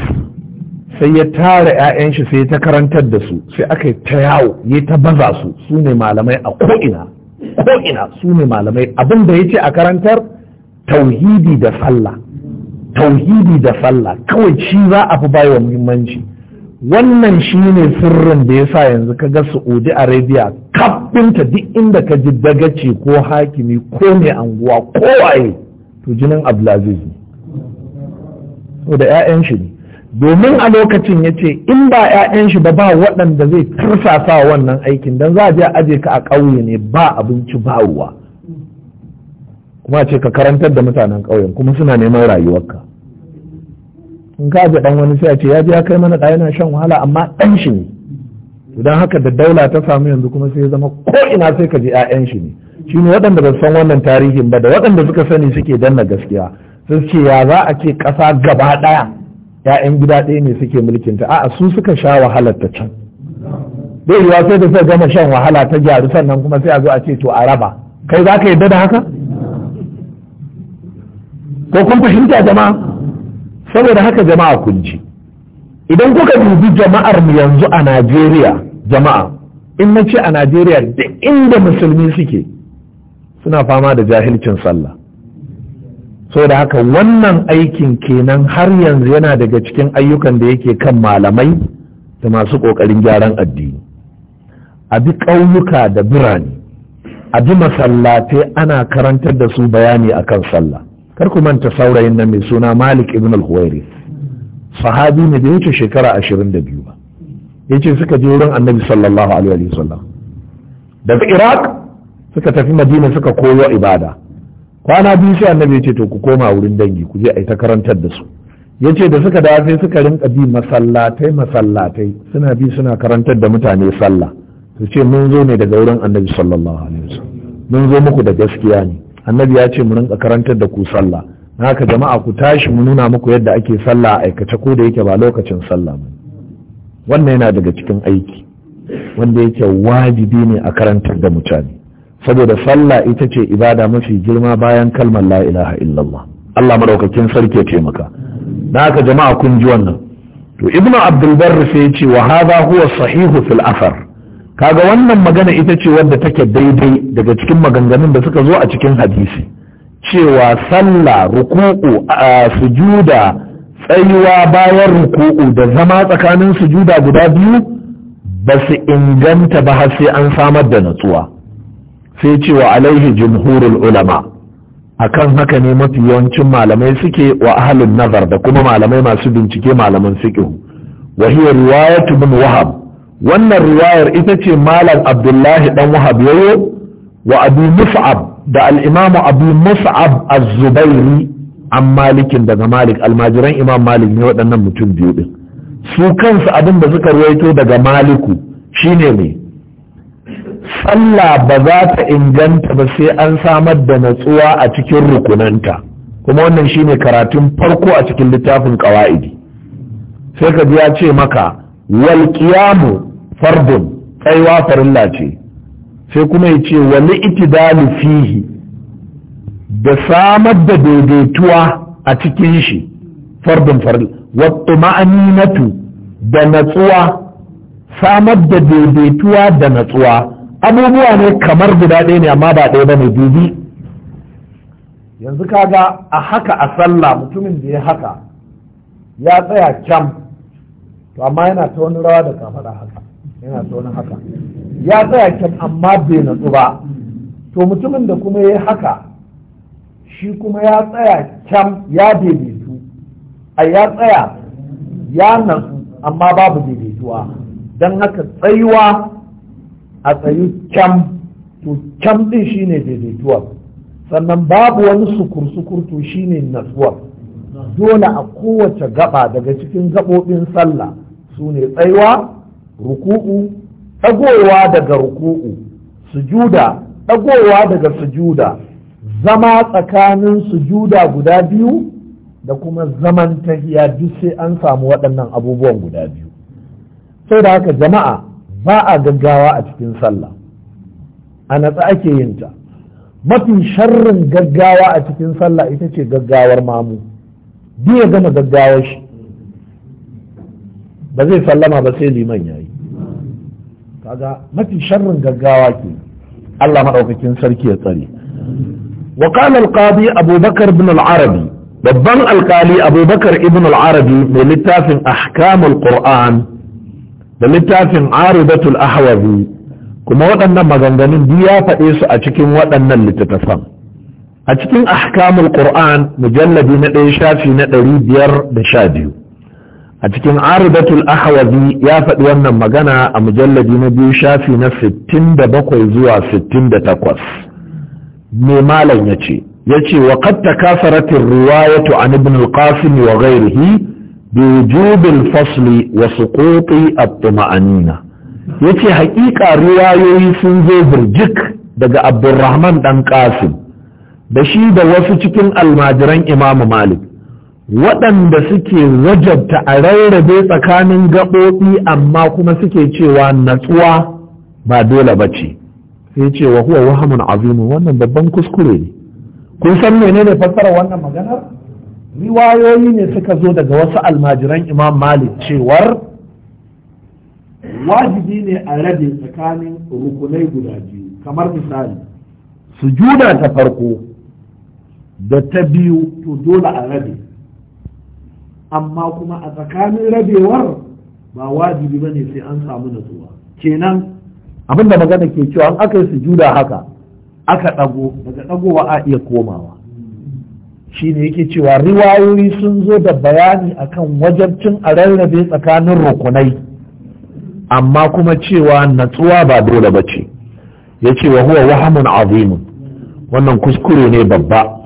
sai ya tara 'ya'yan shi sai ta karantar da su sai aka yi ta yawo ya ta baza su su ne malamai a ko'ina ko'ina su ne malamai abin da ya ce a karantar tauhidi da sallah tauhidi da sallah kawai shi za a fi bayo muhimmanci wannan shine sirrin da ya sa yanzu ka ga Saudi Arabia kafinta duk inda ka ji dagaci ko hakimi ko mai anguwa ko waye to jinin Abdulaziz ne da 'ya'yan shi ne domin a lokacin ya ce in ba 'ya'yan shi ba ba waɗanda zai tursasa wannan aikin dan za a je a aje ka a ƙauye ne ba abinci ba ruwa kuma ce ka karantar da mutanen ƙauyen kuma suna neman rayuwarka in ka aje dan wani sai a ce ya je ya kai mana da yana shan wahala amma dan shi ne idan haka da daula ta samu yanzu kuma sai ya zama ko ina sai ka ji 'ya'yan shi ne shi ne waɗanda ba san wannan tarihin ba da waɗanda suka sani suke danna gaskiya su ce ya za a ce ƙasa gaba ɗaya ƴaƴan gida ɗaya ne suke mulkin ta, a'a su suka sha wahalar ta can bai yiwa sai da suka gama shan wahala ta gyaru sannan kuma sai a zo a ce to a raba kai za ka yarda da haka ko kun fahimta jama'a saboda haka jama'a kun ji idan kuka dubi jama'ar mu yanzu a Najeriya jama'a in na ce a Najeriya da inda musulmi suke suna fama da jahilcin sallah saboda haka wannan aikin kenan har yanzu yana daga cikin ayyukan da yake kan malamai da masu ƙoƙarin gyaran addini a bi ƙauyuka da birane a bi masallatai ana karantar da su bayani akan sallah kar ku manta saurayin nan mai suna malik ibn al-huwairi sahabi ne da wuce shekara ashirin da biyu ba ya ce suka je wurin annabi sallallahu alaihi wasallam daga iraq suka tafi madina suka koyo ibada kwana biyu sai annabi ya to ku koma wurin dangi ku je a ta karantar da su ya ce da suka dawo sai suka rinka bi masallatai masallatai suna bi suna karantar da mutane sallah su ce mun zo ne daga wurin annabi sallallahu alaihi wasallam mun zo muku da gaskiya ne annabi ya ce mu rinka karantar da ku sallah na haka jama'a ku tashi mu nuna muku yadda ake sallah a aikace ko da yake ba lokacin sallah ba wannan yana daga cikin aiki wanda yake wajibi ne a karantar da mutane saboda sallah ita ce ibada mafi girma bayan kalmar la ilaha illallah Allah madaukakin sarki ya taimaka na haka jama'a kun ji wannan to ibnu abdul barr sai ya ce wa hadha huwa sahihu fil athar kaga wannan magana ita ce wadda take daidai daga cikin maganganun da suka zo a cikin hadisi cewa sallah ruku'u a sujuda tsayuwa bayan ruku'u da zama tsakanin sujuda guda biyu ba su inganta ba har sai an samar da natsuwa sai cewa alaihi jumhurul ulama akan haka ne mafi yawancin malamai suke wa ahalin nazar da kuma malamai masu bincike malaman suke. wa hiya riwayat ibn wahab wannan riwayar ita ce malam abdullahi dan wahab yayo wa abu mus'ab da al-imamu abu mus'ab az-zubairi an malikin daga malik almajiran imam malik ne waɗannan mutum biyu din su kansu abin da suka ruwaito daga maliku shine ne sallah ba za ta inganta ba sai an samar da natsuwa a cikin rukunanta kuma wannan shine karatun farko a cikin littafin ƙawa'idi sai ka ji ya ce maka Walƙiyamu fardun tsaiwa farilla ce sai kuma ya ce wani itidalu fihi da samar da daidaituwa a cikin shi fardun farilla wattu ma'aninatu da natsuwa samar da daidaituwa da natsuwa abubuwa ne kamar guda ɗaya ne amma ba ɗaya ba ne dubi yanzu kaga a haka a sallah mutumin da ya haka ya tsaya can to amma yana ta wani rawa da kafada haka yana ta wani haka ya tsaya kyan amma bai natsu ba to mutumin da kuma ya yi haka shi kuma ya tsaya kyan ya daidaitu a ya tsaya ya natsu amma babu daidaituwa don haka tsayuwa a tsayu kyan to kyan din ne daidaituwa sannan babu wani sukur-sukur to ne natsuwa dole a kowace gaba daga cikin gaɓoɓin sallah su ne tsaiwa ruku'u ɗagowa daga ruku'u sujuda ɗagowa daga sujuda zama tsakanin sujuda guda biyu da kuma zaman tahiya duk sai an samu waɗannan abubuwan guda biyu sai da haka jama'a ba a gaggawa a cikin sallah a natsa ake yin ta mafi sharrin gaggawa a cikin sallah ita ce gaggawar mamu duk gama gaggawar shi ba zai sallama ba sai liman ya yi kaga mafi sharrin gaggawa ke Allah maɗaukakin sarki ya tsare wa qala abubakar ibn al-arabi babban alkali abubakar ibn al-arabi mai littafin ahkamul qur'an da littafin aridatul ahwazi kuma waɗannan maganganun biyu ya faɗe su a cikin waɗannan littattafan a cikin ahkamul qur'an mujalladi na ɗaya shafi na ɗari biyar da sha biyu a cikin aridatul ahwazi ya faɗi wannan magana a mujalladi na biyu shafi na 67 zuwa 68 me malam ya ce ya ce wa qad takasaratir riwayatu an ibn al-qasim wa ghayrihi bi wujubil fasli wa suquti at-tuma'anina yace haƙiƙa riwayoyi sun zo birjik daga abdurrahman dan qasim da shi da wasu cikin almajiran imamu malik waɗanda suke rajabta a rarrabe tsakanin gaɓoɓi amma kuma suke cewa natsuwa ba dole ba ce sai ce wa huwa wahamun wannan babban kuskure ne kun san ne fassara wannan maganar riwayoyi ne suka zo daga wasu almajiran imam malik cewar wajibi ne a rabe tsakanin rukunai guda biyu kamar misali Su juna ta farko da ta biyu to dole a rabe amma kuma a tsakanin rabewar ba wajibi bane sai an samu natsuwa kenan abin da magana ke cewa an aka yi sujuda haka aka ɗago daga ɗagowa a iya komawa shi ne yake cewa riwayoyi sun zo da bayani akan wajabcin a rarrabe tsakanin rukunai amma kuma cewa natsuwa ba dole ba ce ya ce wa huwa wahamun azimun wannan kuskure ne babba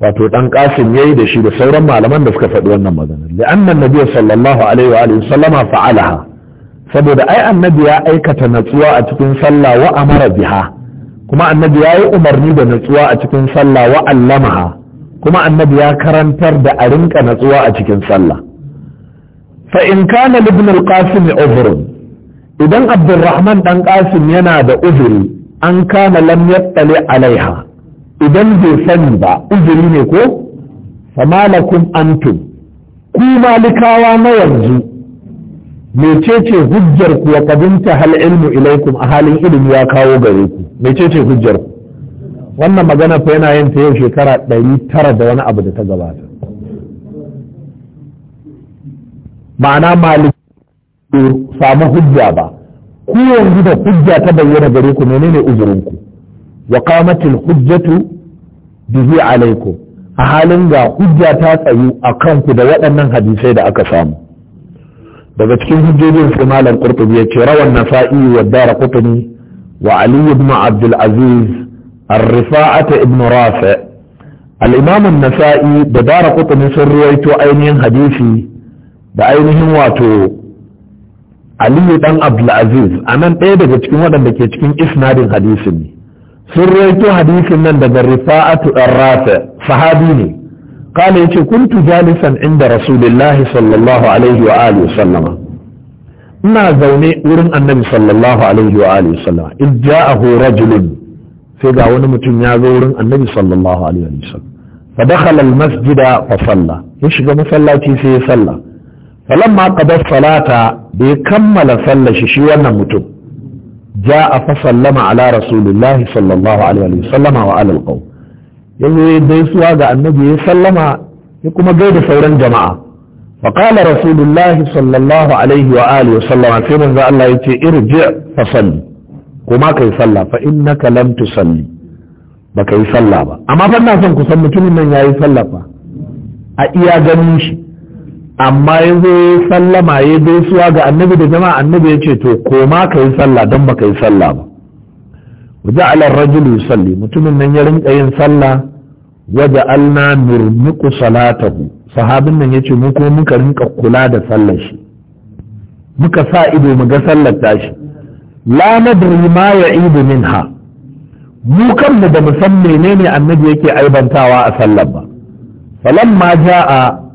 wato dan kasim yayi da shi da sauran malaman da suka faɗi wannan magana li'anna nabiyyu sallallahu alaihi wa alihi sallama fa'alaha saboda ai annabi ya aikata natsuwa a cikin sallah wa amara biha kuma annabi ya yi umarni da natsuwa a cikin sallah wa allamaha kuma annabi ya karantar da a rinka natsuwa a cikin sallah fa in kana ibn al-qasim uzrun idan abdurrahman dan qasim yana da uzuri an kana lam yattali alaiha idan bai sani ba uzuri ne ko famalakum antum ku malikawa na yanzu mecece hujjar ku wa kabinta hal ilmu ilaikum a halin ilimi ya kawo gare ku mecece hujjar ku wannan magana fa yana yin ta yau shekara ɗari tara da wani abu da ta gabata ma'ana malik samu hujja ba ku yanzu da hujja ta bayyana gare ku menene uzurinku ku wa hujjatu bihi alaiku. a halin ga hujja ta tsayu a ku da waɗannan hadisai da aka samu daga cikin hujjojin sai malam qurtubi ya ce rawan nasa'i wa dara qutni wa ali ibn abdul aziz ar-rifa'ata ibn rafi al-imam an-nasa'i da dara qutni sun ruwaito ainihin hadisi da ainihin wato aliyu dan abdulaziz a nan ɗaya daga cikin waɗanda ke cikin isnadin hadisin ne sun rawaito hadisin nan daga rifa'atu dan rafi sahabi ne kala yace kuntu jalisan inda rasulullahi sallallahu alaihi wa alihi ina zaune wurin annabi sallallahu alaihi wa alihi sallama in ja'ahu rajulun sai ga wani mutum ya zo wurin annabi sallallahu alaihi wa sallam fa dakhala al masjida fa salla ya shiga masallaci sai ya salla falamma qada salata bai kammala sallar shi shi wannan mutum ja'a fa sallama ala rasulillahi sallallahu alaihi wa sallama wa ala alqaw yanzu ya gaisuwa ga annabi ya sallama ya kuma gaida sauran jama'a fa qala rasulullahi sallallahu alaihi wa alihi wa sallama sai manzo Allah yace irji fa salli kuma kai sallah fa innaka lam tusalli baka yi sallah ba amma fa ina son mutumin nan ya yi sallafa a iya ganin shi amma ya zo sallama ya gaisuwa ga annabi da jama'a annabi ya ce to koma ka yi sallah don baka yi sallah ba وجعل salli mutumin nan ya rinka yin sallah وجعلنا نرمق salatahu sahabin nan ya ce mu ko muka rinka kula da sallar shi muka sa ido mu ga sallar tashi la nadri ma ya min minha mu kanmu da mu san menene annabi yake aibantawa a sallar ba falamma jaa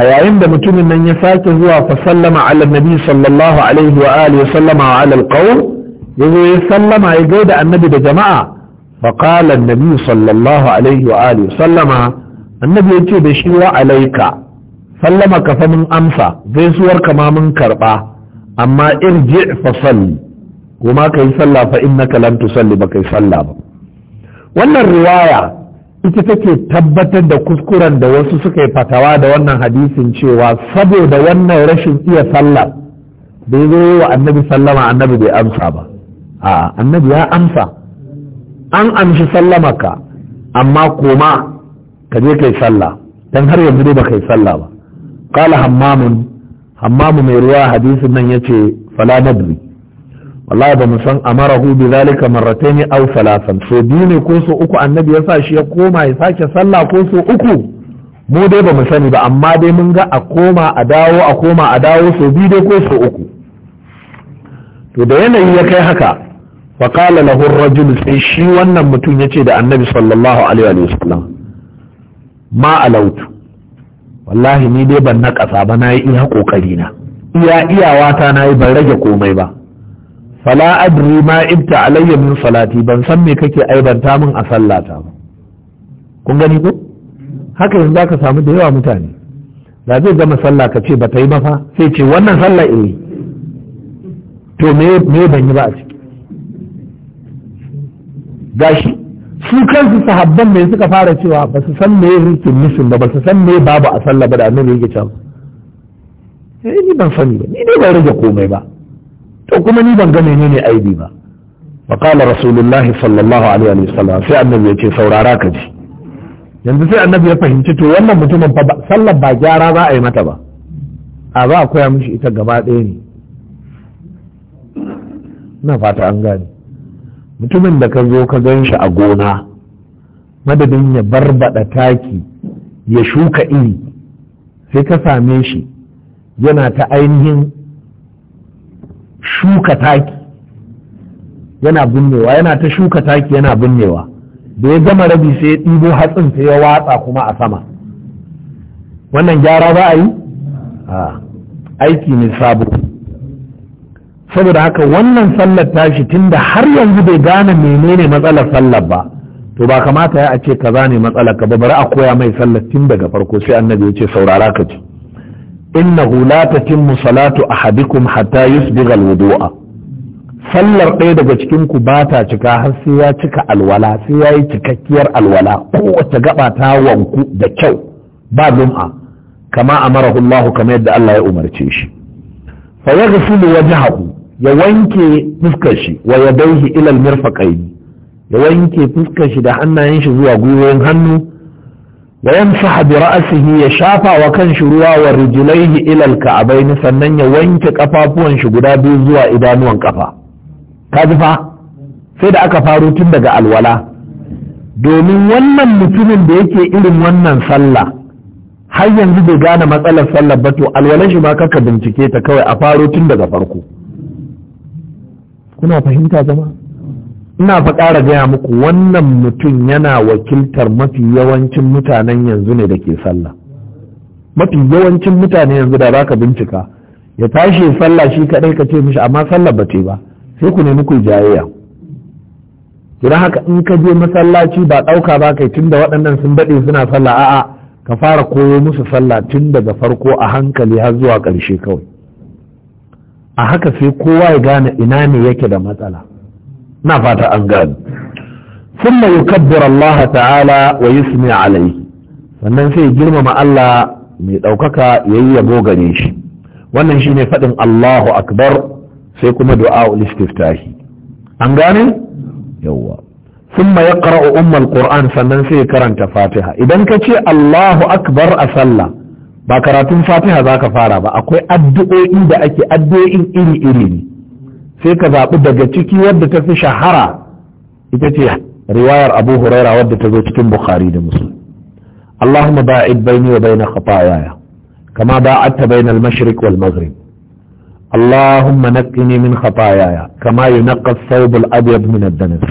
a yayin da mutumin nan ya sake zuwa fa sallama ala nabi sallallahu alaihi wa alihi sallama wa ala alqaum yazo ya sallama ya gaida annabi da jama'a fa qala annabi sallallahu alaihi wa alihi sallama annabi yace da shi wa alaika sallama ka fa mun amsa gaisuwar ka ma mun karba amma irji fa salli kuma kai sallah fa innaka lam tusalli ba kai sallah ba wannan riwaya ita take tabbatar da kuskuren da wasu suka yi fatawa da wannan hadisin cewa saboda wannan rashin iya sallah bai zo wa annabi sallama annabi bai amsa ba a annabi ya amsa an amshi sallamaka amma koma ka je kai sallah don har yanzu dai ba kai sallah ba kala hammamun hammamu mai ruwa hadisin nan yace fala nadri wallahi ba mu san amarahu bi zalika marratayn aw salasan so biyu ne ko so uku annabi ya sa shi ya koma ya sake sallah ko so uku mu dai ba mu sani ba amma dai mun ga a koma a dawo a koma a dawo so biyu dai ko so uku to da yanayi ya kai haka fa qala lahu ar-rajul sai shi wannan mutum yace da annabi sallallahu alaihi wa sallam ma alautu wallahi ni dai ban na kasa ba nayi iya kokari na iya iyawa ta nayi ban rage komai ba fala adri ma ibta alayya min salati ban san me kake aibanta min a sallata ba kun gani ko haka yanzu zaka samu da yawa mutane da zai gama sallah ka ce ba ta yi ba fa sai ce wannan sallah eh to me me ban yi ba a ciki gashi su kansu sahabban ne suka fara cewa ba su san me yake musu, ba ba su san me babu a sallah ba da annabi yake cewa eh ni ban sani ba ni dai ban rage komai ba to kuma ni ban ga menene aibi ba fa رسول الله sallallahu alaihi wa sallam sai annabi ya ce saurara ka ji yanzu sai annabi ya fahimci to wannan mutumin fa sallar ba gyara za a yi mata ba a ba mishi ita gaba ɗaya ne na fata an gane mutumin da ka zo ka gan shi a gona madadin ya barbada taki ya shuka iri sai ka same shi yana ta ainihin shuka taki yana binnewa yana ta shuka taki yana binnewa da ya gama rabi sai ya ɗibo hatsin sai ya watsa kuma a sama wannan gyara za a yi aiki ne sabo saboda haka wannan sallar tashi tunda har yanzu bai gane menene matsalar sallar ba to ba kamata ya a ce za ne matsalar ka ba bari a koya mai sallar tun daga farko sai annabi ya ce saurara ka ce innahu la tatimmu salatu ahadikum hatta yusbigha alwudu'a sallar ɗaya daga cikin ku ba ta cika har sai ya cika alwala sai ya yi cikakkiyar alwala kowace gaba ta wanku da kyau ba jum'a kama amarahu Allah kamar yadda Allah ya umarce shi fa yaghsilu wajhahu ya wanke fuskar shi wa yadayhi ila ya wanke fuskar shi da hannayen shi zuwa gwiwoyin hannu wa yamsaha bi ra'sihi ya shafa wa kan shi ruwa wa rijlaihi ila al-ka'bayn sannan ya wanke kafafuwan shi guda biyu zuwa idanuwan kafa ji fa sai da aka faro tun daga alwala domin wannan mutumin da yake irin wannan sallah har yanzu bai gane matsalar sallar ba to alwalan shi ma kaka bincike ta kawai a faro tun daga farko kuna fahimta zama. ina fa ƙara gaya muku wannan mutum yana wakiltar mafi yawancin mutanen yanzu ne da ke sallah mafi yawancin mutane yanzu da za bincika ya tashi sallah shi kaɗai ka ce mishi amma sallah ba ce ba sai ku nemi ku jayayya idan haka in ka je masallaci ba ɗauka ba kai tunda waɗannan sun daɗe suna sallah a'a ka fara koyo musu sallah tun daga farko a hankali har zuwa ƙarshe kawai a haka sai kowa ya gane ina ne yake da matsala na fata an gani thumma yukabbiru Allah ta'ala wa yusmi alayhi sannan sai girmama Allah mai ɗaukaka yi yabo gare shi wannan ne faɗin Allahu akbar sai kuma du'a istiftahi an gane yawwa thumma yaqra'u umma alquran sannan sai karanta fatiha idan ka ce Allahu akbar a sallah ba karatun fatiha za ka fara ba akwai addu'o'i da ake addu'o'in iri iri ne sai ka zaɓi daga ciki wadda ta fi shahara ita ce riwayar abu huraira wadda ta zo cikin bukhari da muslim allahumma ba'id baini wa baina khataaya kama ba'adta baina al-mashriq wal maghrib اللهم نقني من خطاياي كما ينقى الثوب الابيض من الدنس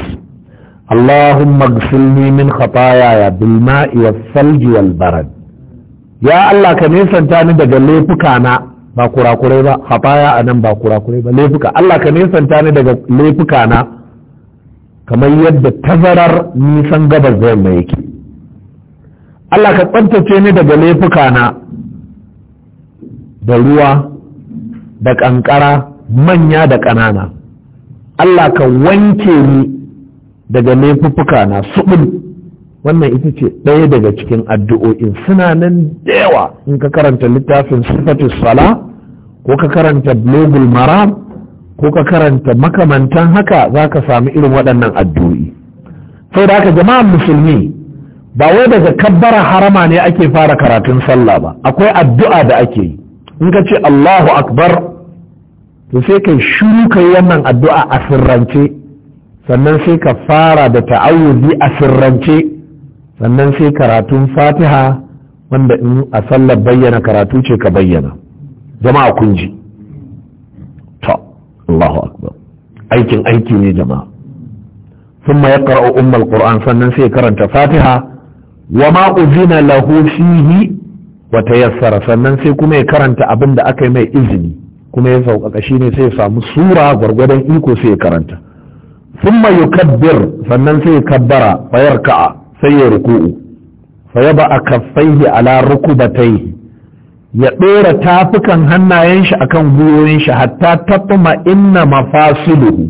اللهم اغسلني من خطاياي بالماء والثلج والبرد يا الله كنيسا تاني daga laifukana ba kurakurai ba hafaya a nan ba kurakurai ba laifuka Allah ka nesanta ni daga laifuka na kamar yadda tazarar nisan gabas da yamma yake Allah ka tsabtace ni daga laifuka na da ruwa da ƙanƙara manya da ƙanana Allah ka wanke ni daga laifuka na suɓul wannan ita ce ɗaya daga cikin addu'o'in suna nan da yawa in ka karanta littafin sifatis sala ko ka karanta blogul maram ko ka karanta makamantan haka za ka sami irin waɗannan addu'o'i sau da haka jama'an musulmi ba wai daga kabbara harama ne ake fara karatun sallah ba akwai addu'a da ake yi in ka ce allahu akbar to sai kai shuru ka yi wannan addu'a a sirrance sannan sai ka fara da ta'awuzi a sirrance sannan sai karatun fatiha wanda in a sallar bayyana karatu ce ka bayyana jama'a kun ji to Allahu akbar aikin aiki ne jama'a ya يقرأ أم القرآن sannan sai karanta fatiha wa ma uzina lahu fihi wa tayassara sannan sai kuma ya karanta abin da aka yi mai izini kuma ya sauƙaƙa ne sai ya samu sura gwargwadon iko sai ya karanta thumma yukabbir sannan sai ya kabbara fa sai ya ruku'u fa yaba a kaffaihi ala rukubatai ya ɗora tafukan hannayen shi akan gwiwoyin shi hatta tafuma inna mafasiluhu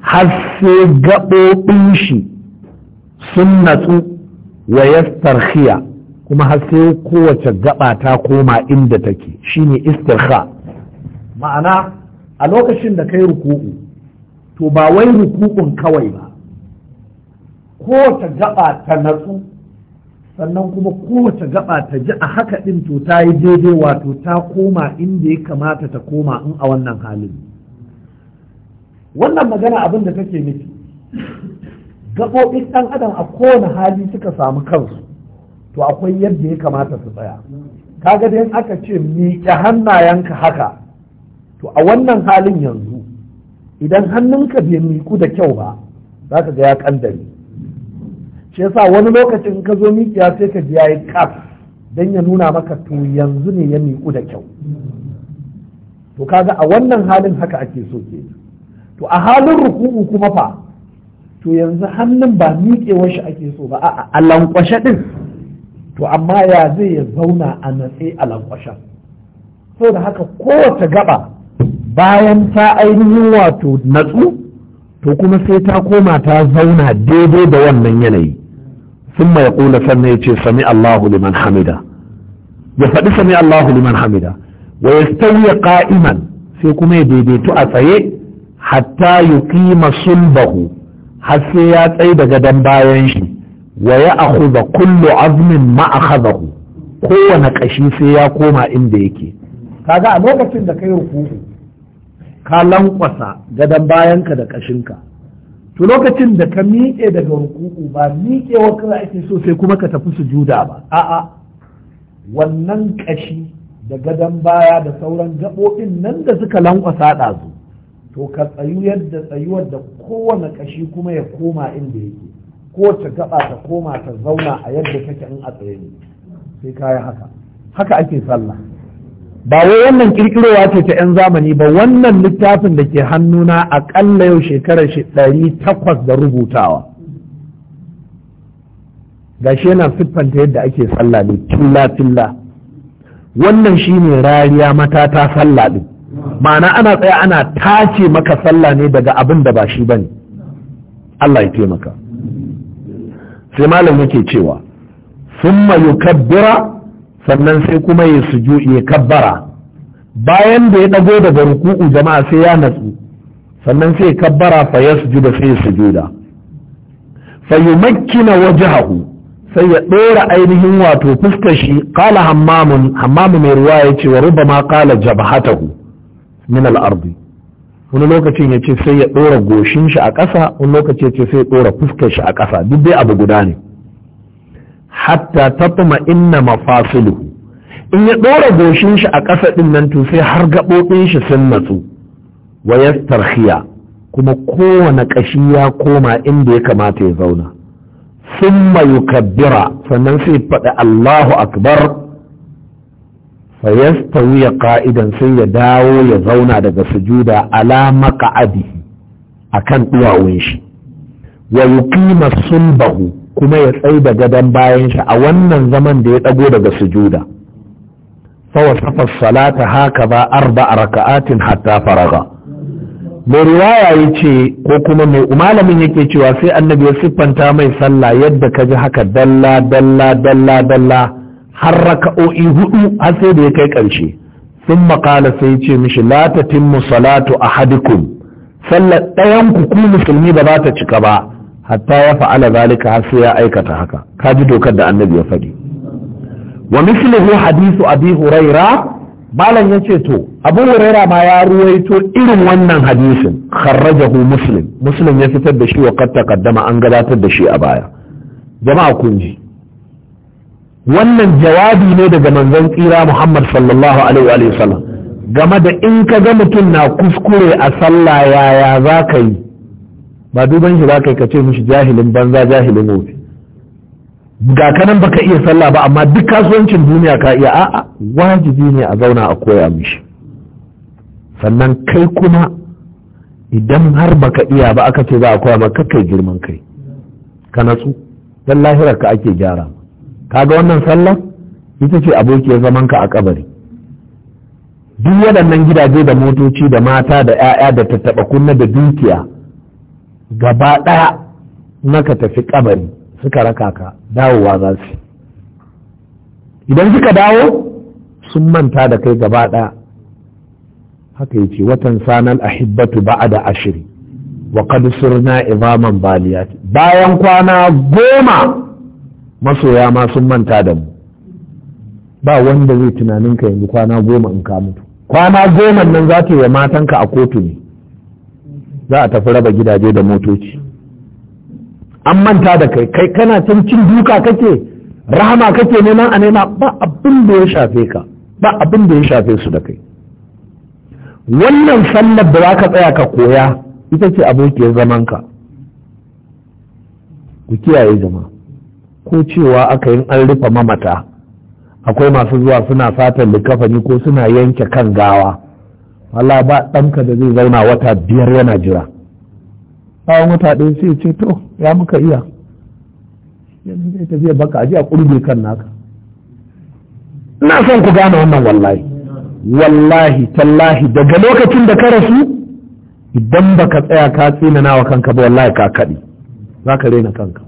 har sai gabobin shi sun natsu wa yastarkhiya kuma har sai kowace gaba ta koma inda take shine istirha. ma'ana a lokacin da kai ruku'u to ba wai ruku'un kawai ba kowace gaba ta natsu sannan kuma kowace gaba ta ji a haka ɗin to ta yi daidai wato ta koma inda ya kamata ta koma in a wannan halin wannan magana abin da take nufi gaɓoɓin ɗan adam a kowane hali suka samu kansu to akwai yadda ya kamata su tsaya kaga dai aka ce miƙe hannayenka haka to a wannan halin yanzu idan hannunka bai miƙu da kyau ba za ka ga ya ƙandare shi yasa wani lokacin ka zo mikiya sai ka ji yi kaf dan ya nuna maka to yanzu ne ya miƙu da kyau to kaga a wannan halin haka ake so ke to a halin ruku'u kuma fa to yanzu hannun ba miƙewar shi ake so ba a'a a lankwashe din to amma ya zai ya zauna a natse a lankwashen da haka kowace gaba bayan ta ainihin wato natsu to kuma sai ta koma ta zauna daidai da wannan yanayi sun mai kula sannan ya ce sami Allahu liman hamida ya faɗi sami Allahu liman hamida wa yastawiya qa'iman sai kuma ya daidaitu a tsaye hatta yuqima sulbahu har sai ya tsaye daga dan bayan shi wa ya akhudha kullu azmin ma akhadahu kowane kashi sai ya koma inda yake kaga a lokacin da kai ruku ka lankwasa gadon bayanka da kashinka to lokacin da ka miƙe daga ruku'u ba miƙewa kawai ake so sai kuma ka tafi sujuda ba a'a wannan ƙashi da gadon baya da sauran gaɓoɓin nan da suka lankwasa ɗazu to ka tsayu yadda tsayuwar da kowane ƙashi kuma ya koma inda yake ko ta gaba ta koma ta zauna a yadda take in a tsaye ne sai kayi haka haka ake sallah ba wai wannan kirkirowa ce ta 'yan zamani ba wannan littafin da ke hannuna aƙalla yau shekarar shi ɗari takwas da rubutawa Ga shi yana siffanta yadda ake sallah ne filla-filla wannan shi ne rariya matata sallah ɗin ma'ana ana tsaya ana tace maka sallah ne daga abin da ba shi ba ne Allah ya taimaka sai malam yake cewa summa yukabbira sannan sai kuma ya sujo ya kabbara bayan da ya dago daga ruku'u jama'a sai ya natsu sannan sai ya kabbara fa ya sujuda sai ya sujuda fa yumakkina wajhahu sai ya dora ainihin wato fuskar shi qala hammamun hammamun mai ruwa yace wa rubama qala jabhatahu min al-ardi wani lokacin ya ce sai ya ɗora goshin shi a ƙasa wani lokacin ya ce sai ya ɗora fuskar shi a ƙasa duk dai abu guda ne hatta tatma inna mafasilu in ya ɗora goshin shi a ƙasa ɗin nan to sai har gaɓoɓin shi sun natsu wa yastarhiya kuma kowane ƙashi ya koma inda ya kamata ya zauna mayu kabbira, sannan sai faɗi Allahu akbar fa wuya ƙa'idan sai ya dawo ya zauna daga sujuda ala maq'adihi akan ɗuwawun shi wa yuqima kuma ya tsaida da gadon bayan shi a wannan zaman da ya ɗago daga sujuda fawa safar salata haka ba arba a raka'atin hatta faraga mai riwaya ya ce ko kuma mai malamin yake cewa sai annabi ya siffanta mai sallah yadda ka ji haka dalla dalla dalla dalla har raka'o'i hudu har sai da ya kai ƙarshe sun maƙala sai ce mishi la tatimmu salatu hadikun. sallar ɗayan ku ku musulmi ba za ta cika ba hatta ya fa'ala zalika har sai ya aikata haka ka ji dokar da annabi ya faɗi wa mislihu hadithu abi huraira malam yace to abu huraira ma ya ruwaito irin wannan hadisin kharrajahu muslim muslim ya fitar da shi wa qad taqaddama an gabatar da shi a baya jama'a kun ji wannan jawabi ne daga manzon tsira muhammad sallallahu alaihi wa sallam game da in ka ga mutum na kuskure a sallah yaya za ka yi ba duban shi ba kai ka ce mishi jahilin banza jahilin wofi ga kanan baka iya sallah ba amma duk kasuwancin duniya ka iya a'a wajibi ne a zauna a koya mishi sannan kai kuma idan har baka iya ba aka ce za a koya maka kai girman kai ka natsu dan lahirar ka ake gyara kaga wannan sallah ita ce abokiyar zaman ka a kabari duk waɗannan gidaje da motoci da mata da 'ya'ya da tattaɓa kunna da dukiya gaba ɗaya naka tafi kabari suka raka ka dawowa za su idan suka dawo sun manta da kai gaba ɗaya haka yace watan sanal ahibbatu ba'ada ashiri wa qad surna izaman baliyat bayan kwana goma masoya ma sun manta da mu ba wanda zai tunanin ka yanzu kwana goma in ka mutu kwana goma nan za ta yi wa matanka a kotu ne za a tafi raba gidaje da motoci an manta da kai kai kana can cin duka kake rahama kake neman a nema ba abin da ya shafe ka ba abin da ya shafe su da kai wannan sallar da za ka tsaya ka koya ita ce abokiyar zamanka ku kiyaye zama. ko cewa aka yi an rufe mamata akwai masu zuwa suna satar likafani ko suna yanke kan gawa Allah ba ɗanka da zai zauna wata biyar yana jira bayan wata ɗaya sai ce to ya muka iya yanzu zai tafiya baka aji a ƙulbe kan naka na son ku gane wannan wallahi wallahi tallahi daga lokacin da ka rasu idan baka tsaya ka tsina nawa kanka ba wallahi ka kaɗi za ka rena kanka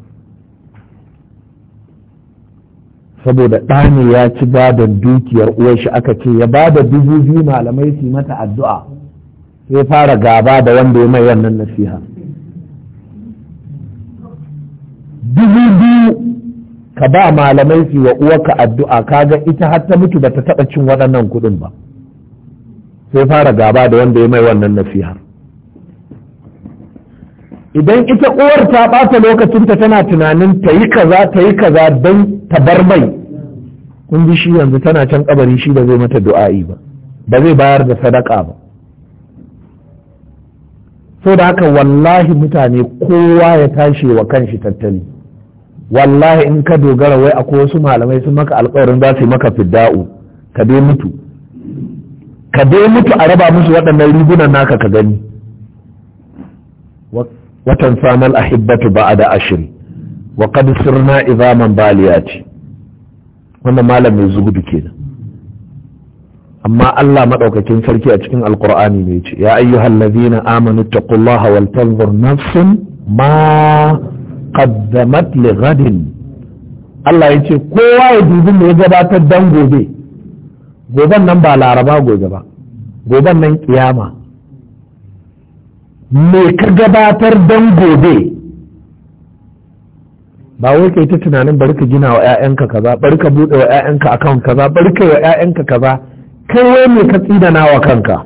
saboda ɗani ya ci bada dukiyar uwarshi aka ce ya ba da dubu biyu malamai su mata addu'a sai fara gaba da wanda ya mai wannan nasiha dubu biyu ka ba malamai su wa uwarka addu'a kaga ita har ta mutu ba ta taɓa cin waɗannan kuɗin ba sai fara gaba da wanda ya mai wannan nasiha. idan ita uwar ta ɓata lokacinta tana tunanin ta yi kaza ta yi kaza don ta bar mai kun bi shi yanzu tana can kabari shi ba zai mata du'a'i ba ba zai bayar da sadaka ba so da haka wallahi mutane kowa ya tashi wa kanshi tattali wallahi in ka dogara wai akwai wasu malamai sun maka alkawarin za su maka fidda'u ka dai mutu ka dai mutu a raba musu waɗannan rigunan naka ka gani watan samal ahibbatu ba'ada ashiri wa qad sirna izaman baliyati wannan malam mai zuhudu kenan amma Allah madaukakin sarki a cikin alkur'ani ne ce ya ayyuhal ladina amanu taqullaha wal tanzur nafsun ma qaddamat li Allah ya ce kowa ya dubi mai ya gabatar dan gobe goben nan ba laraba gobe ba goben nan kiyama me ka gabatar dan gobe ba wai kai ta tunanin bari ka gina wa 'ya'yanka kaza bari ka buɗe wa 'ya'yanka account kaza bari ka yi wa 'ya'yanka kaza kai wai me ka na wa kanka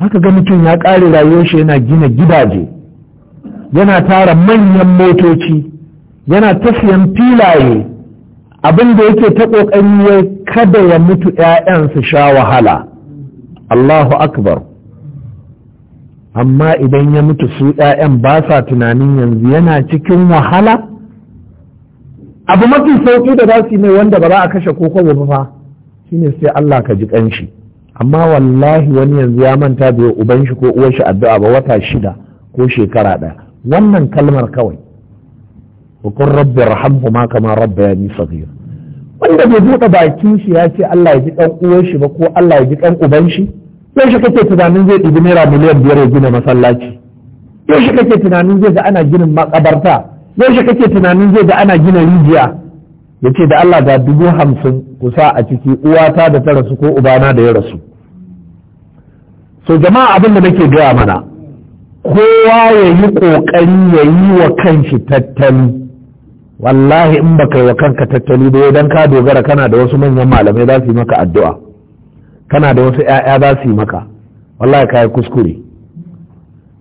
haka ga mutum ya ƙare rayuwar shi yana gina gidaje yana tara manyan motoci yana tafiyan filaye abin da yake ta ƙoƙari kada ya mutu yayansa sha wahala Allahu akbar amma idan ya mutu su 'ya'yan ba sa tunanin yanzu yana cikin wahala abu mafi sauki da za su yi wanda ba za a kashe ko kwabo ba shine sai Allah ka ji ƙanshi. amma wallahi wani yanzu ya manta da uban shi ko uwar shi addu'a ba wata shida ko shekara ɗaya wannan kalmar kawai hukun rabbi ma kama Rabbi ya nisa wanda bai buɗe bakin shi ya ce Allah ya ji ɗan uwar shi ba ko Allah ya ji ɗan uban shi yaushe kake tunanin zai ɗibi naira miliyan biyar ya gina masallaci yaushe kake tunanin zai da ana ginin makabarta yaushe kake tunanin zai da ana gina rijiya ya ce da Allah ga dubu hamsin kusa a ciki uwata da ta rasu ko ubana da ya rasu so jama'a abin da nake gaya mana kowa ya yi ƙoƙari ya yi wa kanshi tattali wallahi in baka yi wa kanka tattali da dan ka dogara kana da wasu manyan malamai za su yi maka addu'a kana da wasu 'ya'ya za su yi maka wallahi ka yi kuskure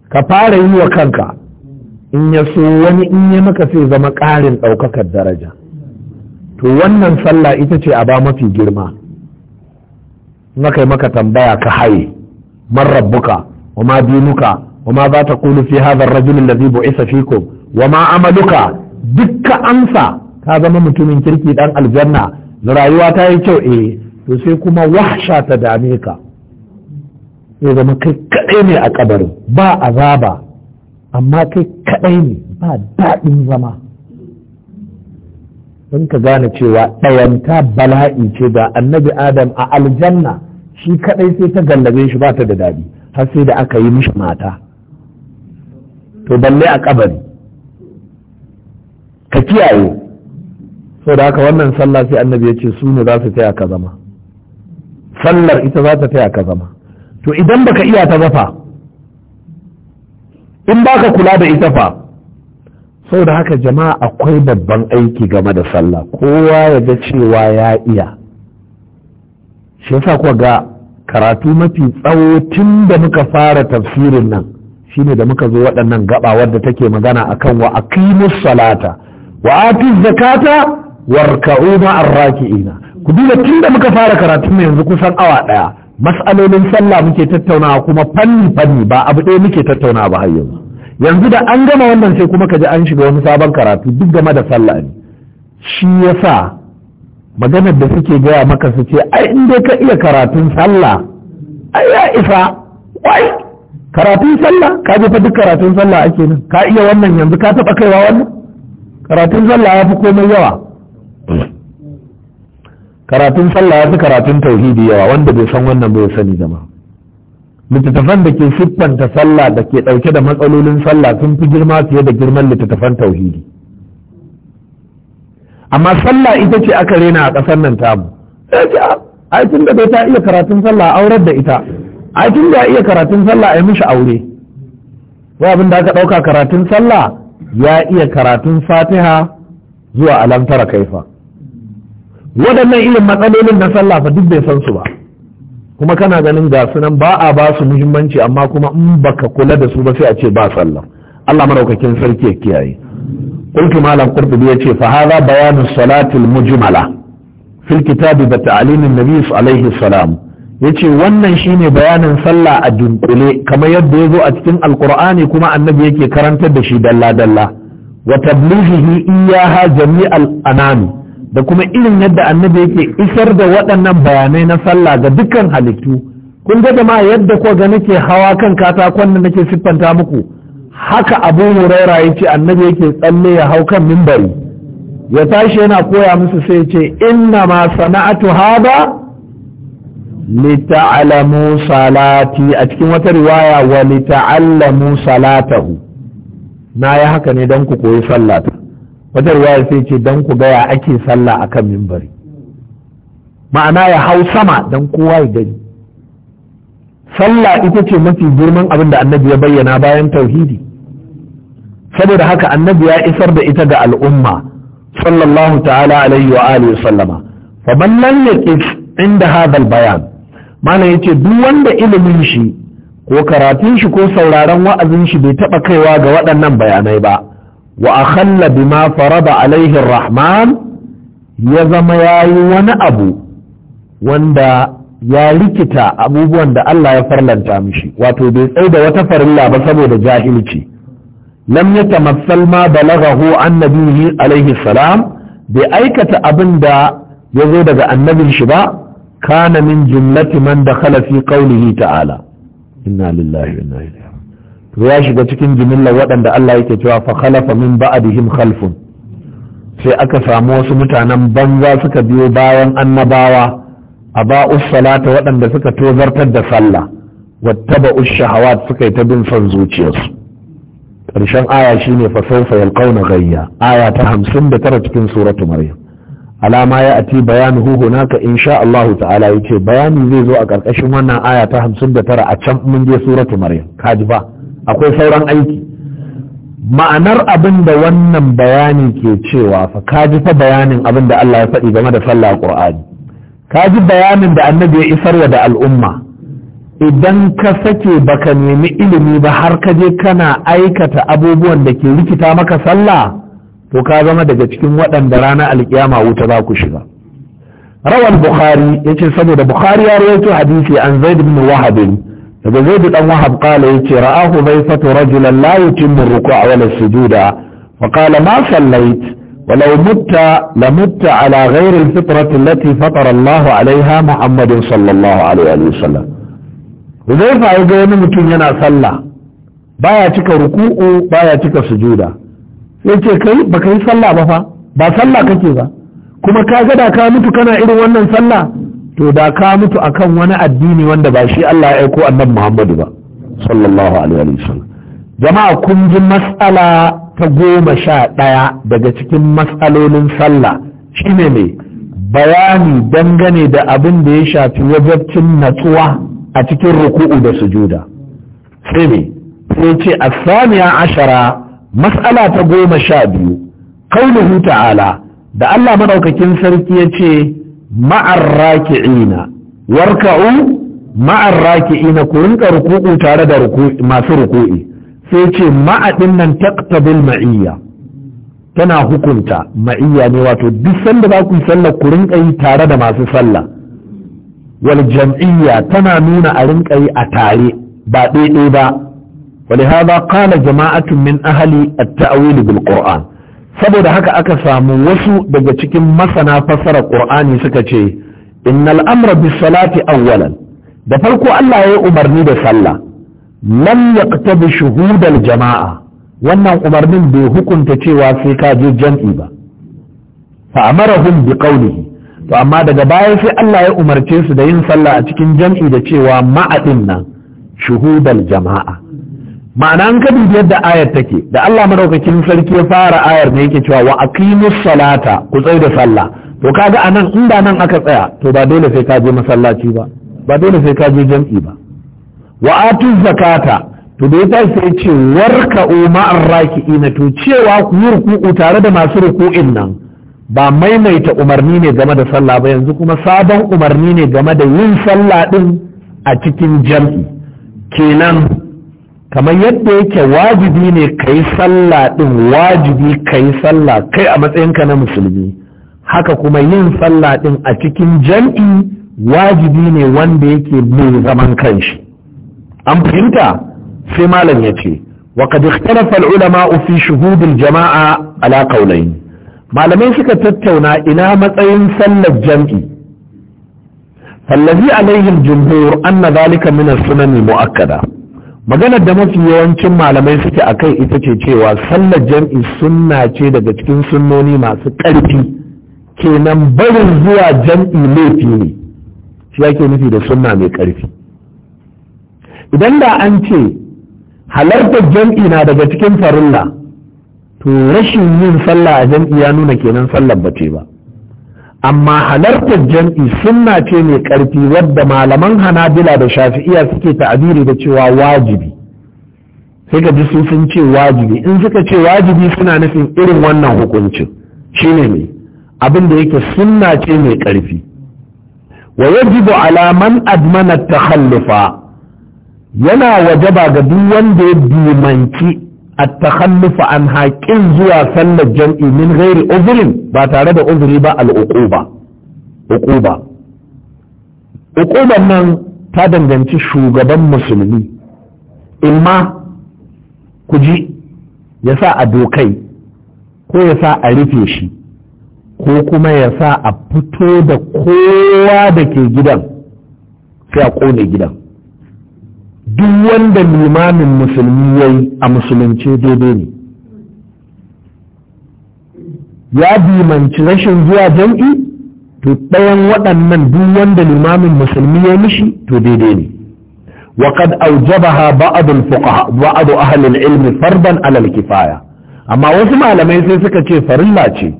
ka fara yi wa kanka in ya so wani in ya maka sai zama ƙarin ɗaukakar daraja to wannan sallah ita ce a ba mafi girma maka maka tambaya ka haye man rabbuka wa ma dinuka wa ma za ta kulu fi hadha ar-rajul Isa bu'isa fikum wa ma amaluka dukka amsa ka zama mutumin kirki dan aljanna rayuwa ta yi kyau eh to sai kuma wahsha ta dame ka ya zama kai kaɗai ne a kabarin ba azaba amma kai kaɗai ne ba daɗin zama don ka gane cewa ɗayanta bala'i ce ga annabi adam a aljanna shi kaɗai sai ta gallabe shi ba ta da daɗi har sai da aka yi mishi mata to balle a kabari ka kiyaye sau da haka wannan sallah sai annabi ya ce su ne za su taya ka zama sallar ita za ta taya ka zama to idan baka iya ta zafa in baka kula da ita fa da haka jama'a akwai babban aiki game da sallah kowa ya ga cewa ya iya shi yasa kuwa ga karatu mafi tsawo tun da muka fara tafsirin nan shine da muka zo waɗannan gaba wadda take magana akan wa aqimus salata wa atiz zakata warka'u ma'ar raki'ina ku duba tun da muka fara karatu mai yanzu kusan awa ɗaya mas'alolin sallah muke tattaunawa kuma fanni fanni ba abu ɗaya muke tattaunawa ba har yanzu yanzu da an gama wannan sai kuma kaji an shiga wani sabon karatu duk game da sallah ne shi yasa maganar da suke gaya maka su ce ai in dai ka iya karatun sallah ai ya isa wai karatun sallah ka je fa duk karatun sallah ake nan ka iya wannan yanzu ka taɓa kaiwa wannan karatun sallah ya fi komai yawa karatun sallah ya fi karatun tauhidi yawa wanda bai san wannan bai sani zama littattafan da ke siffanta sallah da ke ɗauke da matsalolin sallah sun fi girma fiye da girman littattafan tauhidi amma sallah ita ce aka rena a ƙasar nan tamu ah, ai tun da bai ta iya karatun sallah aurar da ita ai tun da iya karatun sallah ai mishi aure wai abin da aka ɗauka karatun sallah ya iya karatun fatiha zuwa alamtara kaifa waɗannan irin matsalolin na sallah fa duk bai san su ba kuma kana ganin ga nan. ba a ba su muhimmanci amma kuma in baka kula da su ba sai a ce ba sallah Allah maraukakin sarki ya kiyaye qultu malam qurtubi yace fa hadha bayanu salatil mujmala fil kitabi da ta'limin nabi alaihi salam yace wannan shine bayanin sallah a dunkule kamar yadda ya zo a cikin alqur'ani kuma annabi yake karantar da shi dalla dalla wa tablighihi iyyaha jami'al anami da kuma irin yadda annabi yake isar da waɗannan bayanai na sallah ga dukkan halittu kun ga jama'a yadda ko ga nake hawa kan katakon da nake siffanta muku haka abu huraira ce annabi yake tsalle ya hau kan mimbari ya tashi yana koya musu sai ce inna ma sana'atu hada ta'lamu salati a cikin wata riwaya wa ta'lamu salatahu na yi haka ne don ku koyi sallah. wata riwaya sai ce dan ku gaya ake sallah a kan mimbari ma'ana ya hau sama don kowa ya gani sallah ita ce mafi girman abin da annabi ya bayyana bayan tauhidi saboda haka annabi ya isar da ita ga al'umma sallallahu ta'ala alaihi wa alihi sallama fa man lam yaqif inda hadha bayan mana yace duk wanda ilimin shi ko karatun shi ko sauraron wa'azin shi bai taba kaiwa ga waɗannan bayanai ba wa akhalla bima farada alaihi rahman ya zama yayi wani abu wanda ya rikita abubuwan da Allah ya farlanta mishi wato bai tsai da wata farilla ba saboda jahilci lam yatamassal ma balaghahu annabihi alaihi salam bai aikata abin da ya zo daga annabin shi ba kana min jumlati man dakhala fi qawlihi ta'ala ya shiga cikin jimillar waɗanda Allah yake cewa fa khalafa min ba'dihim khalfun sai aka samu wasu mutanen banza suka biyo bayan annabawa a ba'us salata waɗanda suka tozartar da sallah wattaba ushahawat suka yi ta bin son zuciyarsu ƙarshen aya shine fa sawfa yalqawna ghayya aya ta 59 cikin suratu maryam alama ya ati bayanuhu hunaka insha Allah ta'ala yace bayani zai zo a ƙarƙashin wannan aya ta 59 a can mun je suratu maryam kaji ba akwai sauran aiki ma'anar abin da wannan bayani ke cewa fa ka ji fa bayanin abin da Allah ya faɗi game da sallah Qur'ani ka ji bayanin da annabi ya isarwa da al'umma idan ka sake baka nemi ilimi ba har ka je kana aikata abubuwan da ke rikita maka sallah to ka zama daga cikin waɗanda ranar alkiyama wuta za ku shiga rawal bukhari yace saboda bukhari ya rawaito hadisi an zaid ibn wahab daga zai dan wahab kala yace ra'ahu bayfatu rajulan la yutimmu ruku'a wani sujuda wa kala ma sallait ولو مت لمت على غير الفطرة التي فطر الله عليها محمد صلى الله عليه وسلم mutum yana sallah baya cika ruku'u baya cika sujuda sai ce kai baka yi sallah ba fa ba sallah kake ba kuma ka gada ka mutu kana irin wannan sallah to da ka mutu akan wani addini wanda ba shi Allah ya aiko annabi Muhammadu ba sallallahu alaihi wa sallam jama'a kun ji mas'ala ta goma sha ɗaya daga cikin matsalolin sallah shine ne bayani dangane da abin da ya shafi wajabcin natsuwa a cikin ruku'u da sujuda sai ne sai ce a saniya ashara matsala ta goma sha biyu kaunuhu ta'ala da Allah maɗaukakin sarki ya ce ma'arraki'ina warka'u ma'arraki'ina ku rinka ruku'u tare da masu ruku'i sai ce ma'adin nan taqtabil ma'iyya tana hukunta ma'iyya ne wato duk sanda za ku yi sallah ku rinka yi tare da masu sallah wal jam'iyya tana nuna a rinka yi a tare ba ɗaiɗai ba ولهذا قال جماعة من أهل التأويل بالقرآن saboda haka aka samu wasu daga cikin masana fassara ƙur'ani suka ce innal amra bis salati awwalan da farko Allah ya umarni da sallah lam yaqtabi shuhudal jama'a wannan umarnin bai hukunta cewa sai ka je jam'i ba fa amarahum bi qawlihi to amma daga baya sai Allah ya umarce su da yin sallah a cikin jam'i da cewa ma'adin nan shuhudal jama'a ma'ana an ka dubi yadda ayar take da Allah madaukakin sarki ya fara ayar ne yake cewa wa aqimus salata ku tsaya da sallah to kaga anan inda nan aka tsaya to ba dole sai ka je masallaci ba ba dole sai ka je jam'i ba wa atu zakata to da yasa sai ce warka umma arraki'ina to cewa ku yi ruku'u tare da masu ruku'in nan ba maimaita umarni ne game da sallah ba yanzu kuma sabon umarni ne game da yin sallah din a cikin jam'i kenan kamar yadda yake wajibi ne ka yi sallah ɗin wajibi ka yi sallah kai a matsayinka na musulmi haka kuma yin sallah ɗin a cikin jam'i wajibi ne wanda yake mai zaman kanshi an fahimta sai malam ya ce wa qad ikhtalafa ulama fi shuhud jamaa ala qawlayn malamai suka tattauna ina matsayin sallar jam'i fallazi a al-jumhur anna dhalika min as-sunan al-mu'akkada maganar da mafi yawancin malamai suke a kai ita ce cewa sallar jam'i sunna ce daga cikin sunnoni masu ƙarfi kenan barin zuwa jam'i laifi ne shi ake nufi da sunna mai ƙarfi idan da an ce halartar jam'i na daga cikin farilla to rashin yin sallah a jam'i ya nuna kenan sallar ce ba amma halartar jam'i sunna ce mai ƙarfi wadda malaman hanabila da shafi'iya suke ta'abiri da cewa wajibi sai ka ji su sun ce wajibi in suka ce wajibi suna nufin irin wannan hukuncin shine ne abin da yake sunna ce mai ƙarfi wa yajibu ala man admana takhallufa yana wajaba ga duk wanda ya dimanci at-takhallufa an haƙin zuwa sallar jam'i min ghairi uzrin ba tare da uzuri ba al-uquba uquba nan ta danganci shugaban musulmi imma ku ji ya sa a dokai ko ya sa a rufe shi ko kuma ya sa a fito da kowa da ke gidan sai a ƙone gidan duk wanda limamin musulmi ya yi a musulunce daidai ne ya dimanci rashin zuwa jam'i to ɗayan waɗannan duk wanda limamin musulmi ya mishi to daidai ne وقد أوجبها بعض الفقهاء بعض أهل العلم فرضا على الكفاية amma wasu malamai sai suka ce farilla ce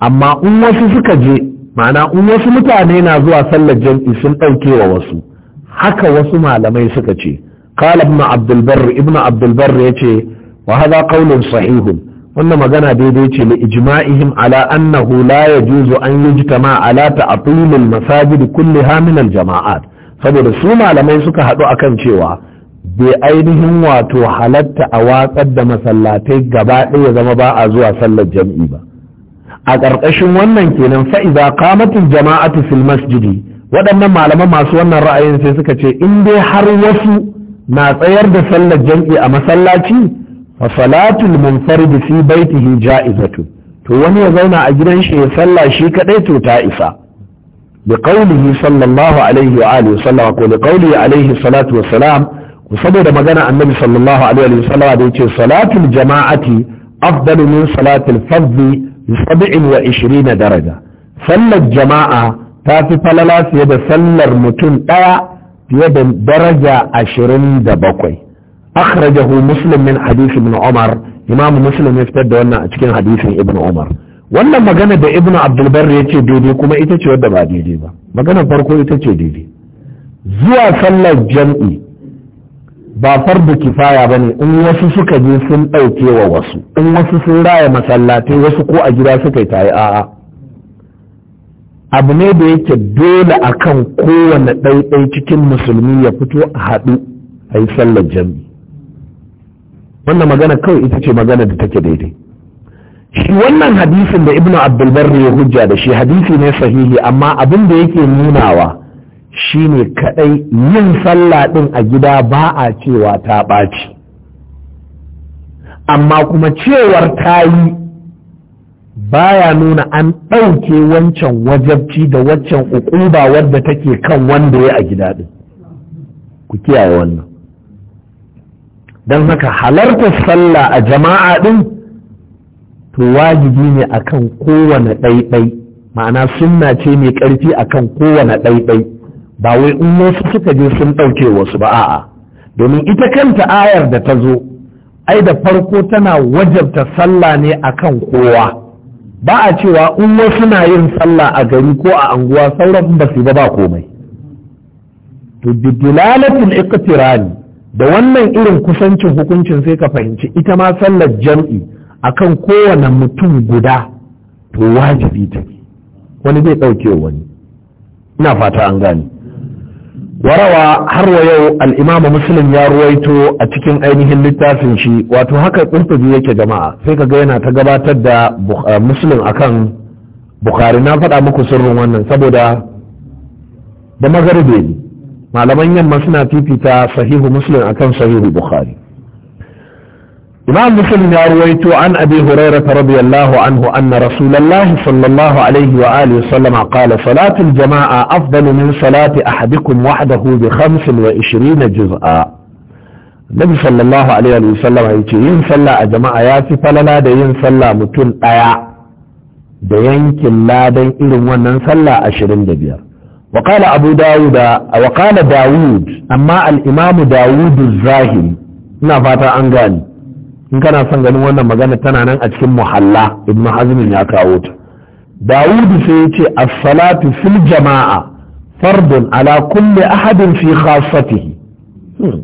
amma in wasu suka je ma'ana in wasu mutane na zuwa sallar jam'i sun ɗauke wa wasu haka wasu malamai suka ce qala ibn abdul barr ibn abdul barr yace wa hadha qawlun sahihun wannan magana daidai ce li ijma'ihim ala annahu ya yajuzu an yujtama ala ta'til al masajid kulliha min al jama'a saboda su malamai suka haɗu akan cewa bai ainihin wato halatta a watsar da masallatai gaba ɗaya zama ba a zuwa sallar jam'i ba a ƙarƙashin wannan kenan fa'iza kamatin jama'atu fil masjidi waɗannan malaman masu wannan ra'ayin sai suka ce in dai har wasu na tsayar da sallar jam'i a masallaci fa salatul munfarid fi baitihi ja'izatu to wani ya zauna a gidan shi ya salla shi kadai to ta isa bi qaulihi sallallahu alaihi wa alihi sallam ko li qaulihi alaihi salatu wa salam saboda magana annabi sallallahu alaihi wa sallam da yace salatul jama'ati afdalu min salatil fardhi bi 27 daraja sallar jama'a ta fi falala fiye da sallar mutum ɗaya fiye da daraja ashirin da bakwai akhrajahu muslim min hadisi ibn umar imam muslim ya fitar da wannan a cikin hadisin ibn umar wannan magana da ibn Abdulbarri ya ce daidai kuma ita ce wadda ba daidai ba magana farko ita ce daidai zuwa sallar jam'i ba fardu kifaya ba ne in wasu suka je sun ɗauke wa wasu in wasu sun raya masallatai wasu ko a gida suka yi tayi a'a abu ne da yake dole a kan kowane ɗaiɗai cikin musulmi ya fito a haɗu a yi sallar jam'i wannan magana kawai ita ce magana da take daidai shi wannan hadisin da ibnu abdulbarri ya hujja da shi hadisi ne sahihi amma abin da yake nunawa shine kadai yin sallah din a gida ba a cewa ta ɓaci amma kuma cewar ta yi baya nuna an ɗauke wancan wajabci da waccan ukuba wadda take kan wanda ya a gida ɗin ku kiyaye wannan don haka halarta sallah a jama'a ɗin to wajibi ne akan kowane ɗaiɗai ma'ana sunna ce mai ƙarfi akan kowane ɗaiɗai ba wai in wasu suka je sun ɗauke wasu ba a'a domin ita kanta ayar da ta zo ai da farko tana wajabta sallah ne akan kowa ba a cewa in wasu na yin sallah a gari ko a anguwa sauran ba su ba ba komai to dilalatul iqtirani da wannan irin kusancin hukuncin sai ka fahimci ita ma sallar jam'i akan kowane mutum guda to wajibi take wani zai ɗauke wani ina fata an gane warawa har wa yau al'imama muslim ya ruwaito a cikin ainihin littafin shi wato haka kurtubi yake jama'a sai ka ga yana ta gabatar da musulun akan bukari na faɗa muku sirrin wannan saboda da magarbe malaman yamma suna fifita sahihu muslim akan sahihu bukari. imam muslim ya ruwaito an abi hurairah radiyallahu anhu anna rasulullahi sallallahu alaihi wa alihi sallam qala salatu al-jama'a afdalu min salati ahadikum wahdahu bi 25 juz'a nabi sallallahu alaihi wa sallam yace yin sallah a jama'a ya fi falala da yin sallah mutum daya da yankin ladan irin wannan sallah 25 وقال أبو داود وقال داود أما الإمام داود الزاهي نفات أنغاني in kana son ganin wannan magana tana nan a cikin muhalla ibn hazmin ya kawo ta Dawudu sai ya ce as-salatu fil jama'a fardun ala kulli ahadin fi khassatihi hmm,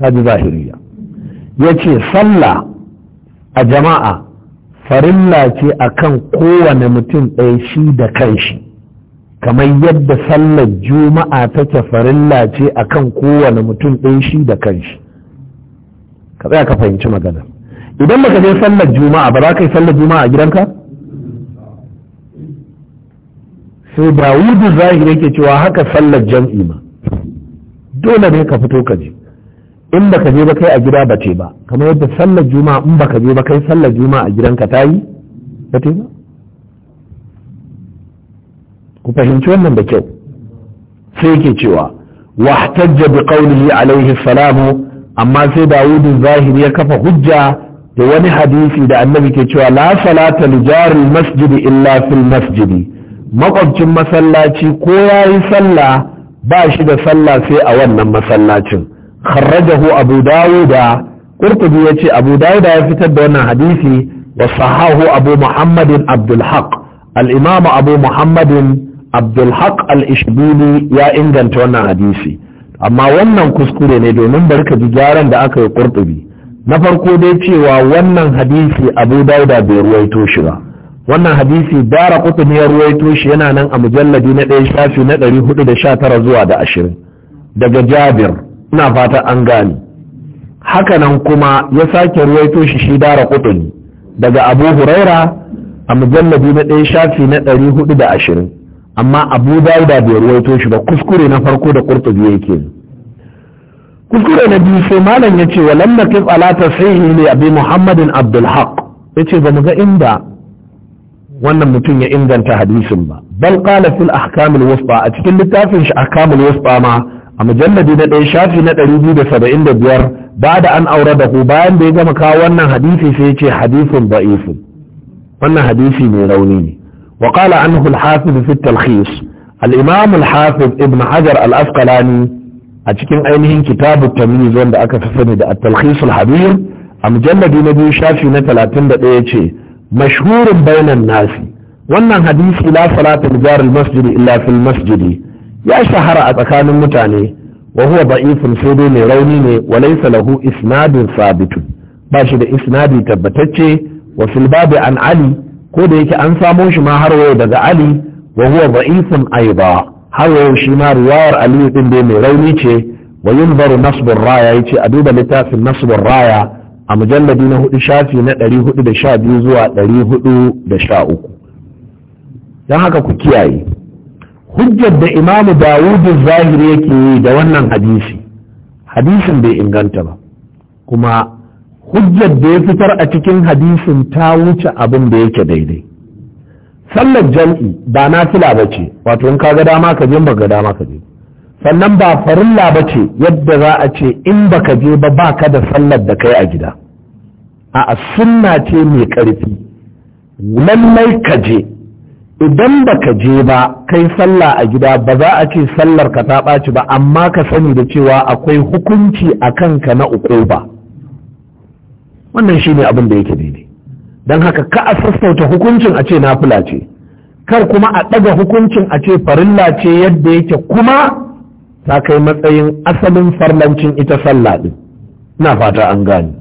kaji zahiriya yace sallah a jama'a farilla ce akan kowane mutum ɗaya shi da kanshi kamar yadda sallar juma'a take farilla ce akan kowane mutum ɗaya shi da kanshi ka tsaya ka fahimci maganar idan baka je sallar juma'a ba za ka yi sallar juma'a a gidanka sai dawudu zahiri yake cewa haka sallar jam'i ma dole ne ka fito ka je in baka je ba kai a gida ba ce ba kamar yadda sallar juma'a in baka je ba kai sallar juma'a a gidanka ta yi ba te ba ku fahimci wannan da kyau sai yake cewa wahtajja bi qawlihi alaihi salamu amma sai dawudu zahiri ya kafa hujja da wani hadisi da annabi ke cewa la salata li masjidi illa fil masjidi makwabcin masallaci ko yayi sallah ba shi da sallah sai a wannan masallacin kharrajahu abu dawuda ya ce abu dawuda ya fitar da wannan hadisi wa sahahu abu muhammadin abdul haq al imam abu muhammadin abdul haq al ishbili ya inganta wannan hadisi amma wannan kuskure ne domin barka ji gyaran da aka yi qurtubi na farko dai cewa wannan hadisi abu dauda bai ruwaito shi ba wannan hadisi dara kutumi ya ruwaito shi yana nan a mujalladi na ɗaya shafi na ɗari hudu da sha tara zuwa da ashirin daga jabir ina fata an gane haka nan kuma ya sake ruwaito shi shi dara kutumi daga abu huraira a mujalladi na ɗaya shafi na ɗari hudu da ashirin amma abu dauda bai ruwaito shi ba kuskure na farko da kurtubi yake kuskure na biyu sai malam ya ce walam na kif sai tasihi li abi muhammadin abdulhaq ya ce ba mu ga inda wannan mutum ya inganta hadisin ba bal qala fil ahkam al wusta a cikin littafin shi ahkam al wusta ma a mujalladi na ɗaya shafi na ɗari biyu da saba'in da biyar ba da an aure da ku bayan da ya gama kawo wannan hadisi sai ya ce hadisin da'ifun wannan hadisi mai rauni ne wa qala anhu al hafiz fi al talkhis al imam al hafiz ibn hajar al asqalani a cikin ainihin kitabu tamiz wanda aka fi sani da at-talkhisul habir a mujalladi na biyu shafi na 31 yace mashhurin bainan nasi wannan hadisi la salatul jar Masjidi masjid illa fil masjid ya shahara a tsakanin mutane wa huwa da'ifun sai dai mai rauni ne wa laysa lahu isnadun sabitun ba shi da isnadi tabbatacce wa fil babi an ali ko da yake an samo shi ma har wayo daga ali wa huwa da'ifun aidan har yau shi ma riwayar aliyu din dai mai rauni ce wa yin bari nasbun raya ya ce a duba littafin nasbun raya a mujalladi na hudu shafi na ɗari hudu da sha biyu zuwa ɗari hudu da sha uku don haka ku kiyaye hujjar da imamu dawudu zahiri yake yi da wannan hadisi hadisin bai inganta ba kuma hujjar da ya fitar a cikin hadisin ta wuce abin da yake daidai sallar jam'i ba na ba ce wato in ka ga dama ka je ba ga dama ka je sannan ba farilla ba ce yadda za a ce in ba ka je ba ba ka da sallar da kai a gida a sunna ce mai ƙarfi lallai ka je idan ka je ba kai sallah a gida ba za a ce sallar ka ta ɓaci ba amma ka sani da cewa akwai hukunci a kanka na uku ba wannan shi ne abin da yake daidai don haka ka a sassauta hukuncin a ce nafila ce kar kuma a ɗaga hukuncin a ce farilla ce yadda yake kuma ta kai matsayin asalin farlancin ita sallah ɗin na fata an gane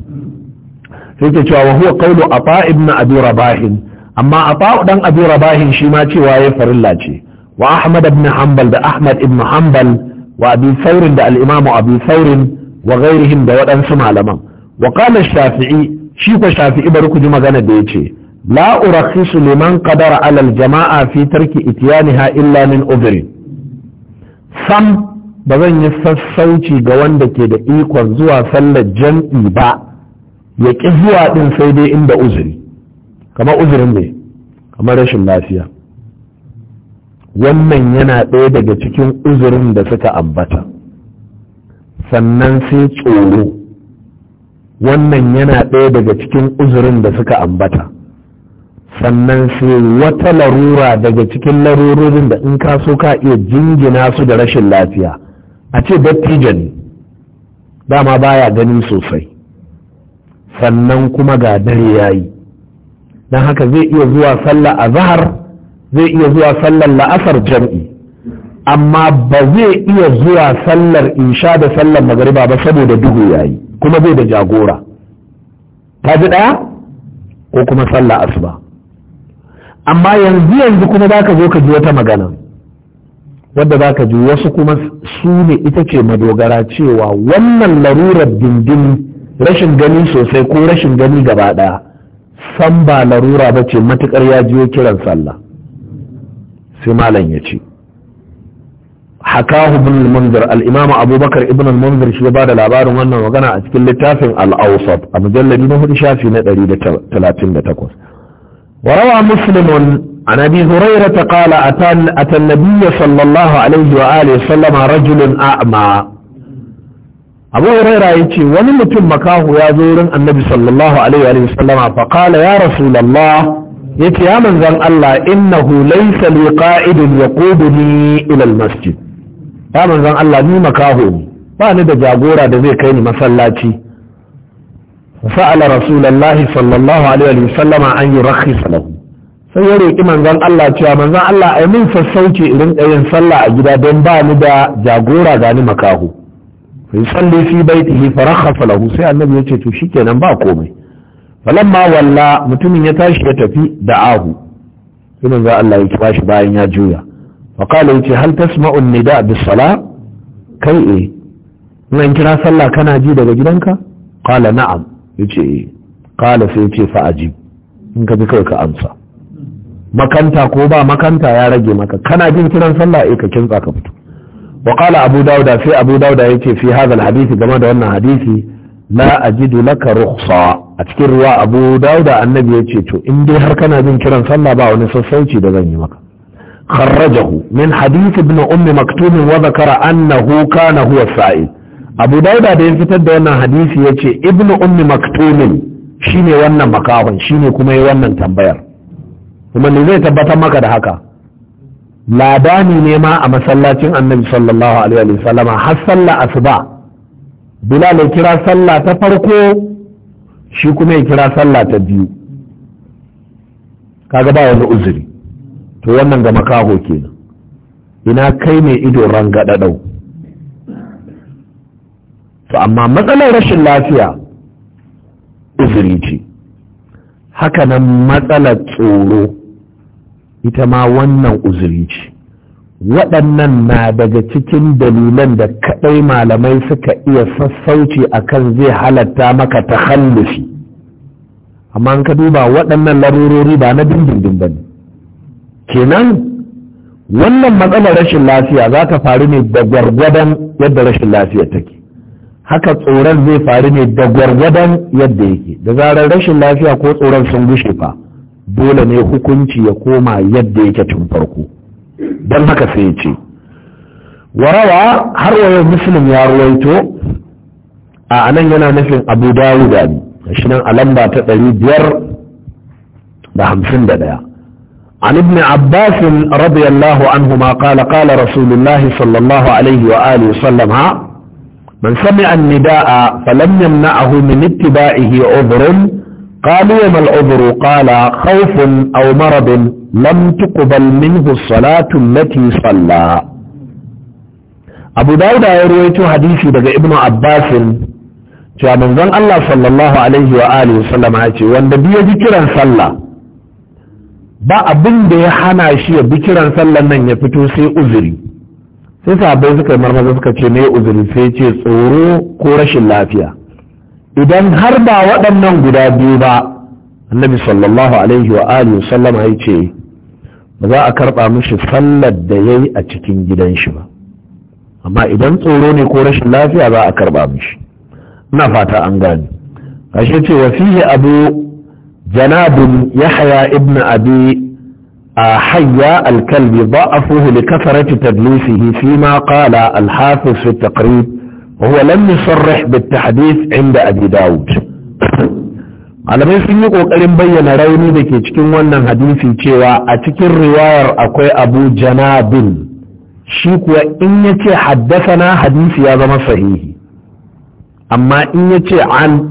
sai ke cewa huwa a ata na abu rabahin amma fa'u dan abu rabahin shi ma cewa ya farilla ce wa ahmad ibn hanbal da ahmad ibn hanbal wa abi saurin da al-imam abi saurin wa ghairihim da waɗansu malaman wa qala shafi'i shi ko shafi ibar ku ji magana da yace la urakhisu liman qadara ala jama'a fi tarki itiyaniha illa min udri sam ba zan yi sassauci ga wanda ke da ikon zuwa sallar jam'i ba ya ƙi zuwa ɗin sai dai inda uzuri kamar uzurin ne kamar rashin lafiya wannan yana ɗaya daga cikin uzurin da suka ambata sannan sai tsoro wannan yana ɗaya daga cikin uzurin da suka ambata sannan sai wata larura daga cikin larurorin da in ka so ka iya jingina su da rashin lafiya a ce dattijo ne dama baya gani sosai sannan kuma ga dare ya yi don haka zai iya zuwa sallah a zahar zai iya zuwa sallar la'asar jam'i amma ba zai iya zuwa sallar sha da sallar magariba ba saboda duhu yayi kuma bai da jagora ta ji ɗaya ko kuma sallar asuba amma yanzu yanzu kuma za ka zo ka ji wata magana wadda za ka ji wasu kuma su ne ita ce madogara cewa wannan larurar dindini rashin gani sosai ko rashin gani gaba ɗaya san ba larura ba ce matuƙar ya jiyo kiran sallah sai malam ya ce hakahu ibn al-munzir abubakar ibn al-munzir shi ba da labarin wannan magana a cikin littafin al-awsat a mujalladi na hudu shafi na 138 wa rawa muslimun an abi hurairah qala atan atan nabiy sallallahu alaihi wa alihi sallama rajulun a'ma abu ya ce wani mutum makahu ya zo wurin annabi sallallahu alaihi wa sallama fa qala ya rasulullah yace ya manzon Allah innahu laysa liqa'idun yaquduni ila ilal masjid ba manzon Allah ni makaho ne ba ni da jagora da zai kai ni masallaci sa'ala rasulullahi sallallahu alaihi wa an sai ya roki manzon Allah cewa manzon Allah ai min sassauce irin ɗayan sallah a gida don ba ni da jagora ga ni makaho sai salli fi baitihi farakhasa lahu sai annabi ya ce to shikenan ba komai falamma walla mutumin ya tashi ya tafi da ahu sai manzon Allah ya ba shi bayan ya juya faƙala ya ce hal tasma'un nida bis kai eh in kira sallah kana ji daga gidanka qala na'am yace eh sai yace fa in ka bi ka amsa makanta ko ba makanta ya rage maka kana jin kiran sallah eh ka kintsa ka fito wa qala abu dauda sai abu dauda yace fi hadha al hadisi game da wannan hadisi la ajidu laka rukhsa a cikin ruwa abu dauda annabi ce to in dai har kana jin kiran sallah ba wani sassauci da zan yi maka خرجه من حديث ابن أم مكتوم وذكر أنه كان هو السائل da ya fitar da wannan hadisi ya ce ibnu ummi maktumin shine wannan makawan shine kuma yi wannan tambayar kuma ne zai tabbatar maka da haka labani ne ma a masallacin annabi sallallahu alaihi wa sallama har sallah asuba bilal ya kira sallah ta farko shi kuma ya kira sallah ta biyu Ka ga ba wani uzuri to wannan ga makaho kenan ina kai mai ido rangadadau to amma matsalar rashin lafiya uzuri ce Haka nan matsalar tsoro ita ma wannan uzuri ce waɗannan na daga cikin dalilan da kaɗai malamai suka iya sassauci akan zai halatta maka ta amma an ka duba waɗannan larurori ba na dindindin ba ne kenan wannan matsalar rashin lafiya za ta faru ne da gwargwadon yadda rashin lafiya take haka tsoron zai faru ne da gwargwadon yadda yake da zarar rashin lafiya ko tsoron sun gushe fa dole ne hukunci ya koma yadda yake tun farko don haka sai ya ce warawa har wayo muslim ya ruwaito a anan yana nufin abu dawuda ne shi nan a lamba ta ɗari biyar da da ɗaya عن ابن عباس رضي الله عنهما قال قال رسول الله صلى الله عليه وآله وسلم ها من سمع النداء فلم يمنعه من اتباعه عذر قالوا وما العذر قال خوف أو مرض لم تقبل منه الصلاة التي صلى أبو داود يرويت حديثي بقى ابن عباس جاء من ذن الله صلى الله عليه وآله وسلم وأن بيجي ذكرا صلى ba abin da ya hana shi ya bi kiran sallan nan ya fito sai uzuri sai sabai suka yi marmaza suka ce ne uzuri sai ce tsoro ko rashin lafiya idan har ba waɗannan guda biyu ba annabi sallallahu alaihi wa alihi sallam ya ce ba za a karɓa mishi sallar da yayi a cikin gidan shi ba amma idan tsoro ne ko rashin lafiya za a karɓa mishi ina fata an gani ashe ce wa fihi abu جناب يحيى ابن أبي آه، حي الكلب ضعفه لكثرة تدليسه فيما قال الحافظ في التقريب وهو لم يصرح بالتحديث عند أبي داود على ما يسمي قرم بين ريني ذكي تكون وانا حديثي تيوى اتيك الروار أكوي أبو جناب شكوى إنك حدثنا حديثي هذا ما صحيح أما إنك عن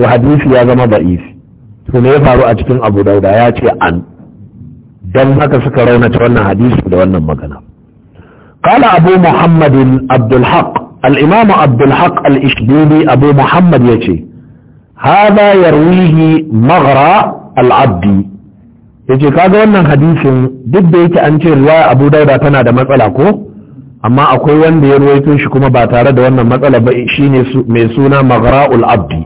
وحديثي هذا ما ضعيفي to me ya faru a cikin abu dauda ya ce an don haka suka raunata wannan hadisi da wannan magana قال أبو محمد عبد الحق الإمام عبد الحق الإشبيلي أبو محمد يجي هذا يرويه مغرى العبدي yace kaga wannan hadisin duk da yake an ce ruwa abu dauda tana da matsala ko amma akwai wanda ya ruwaito shi kuma ba tare da wannan matsala ba shine mai suna maghra'ul abdi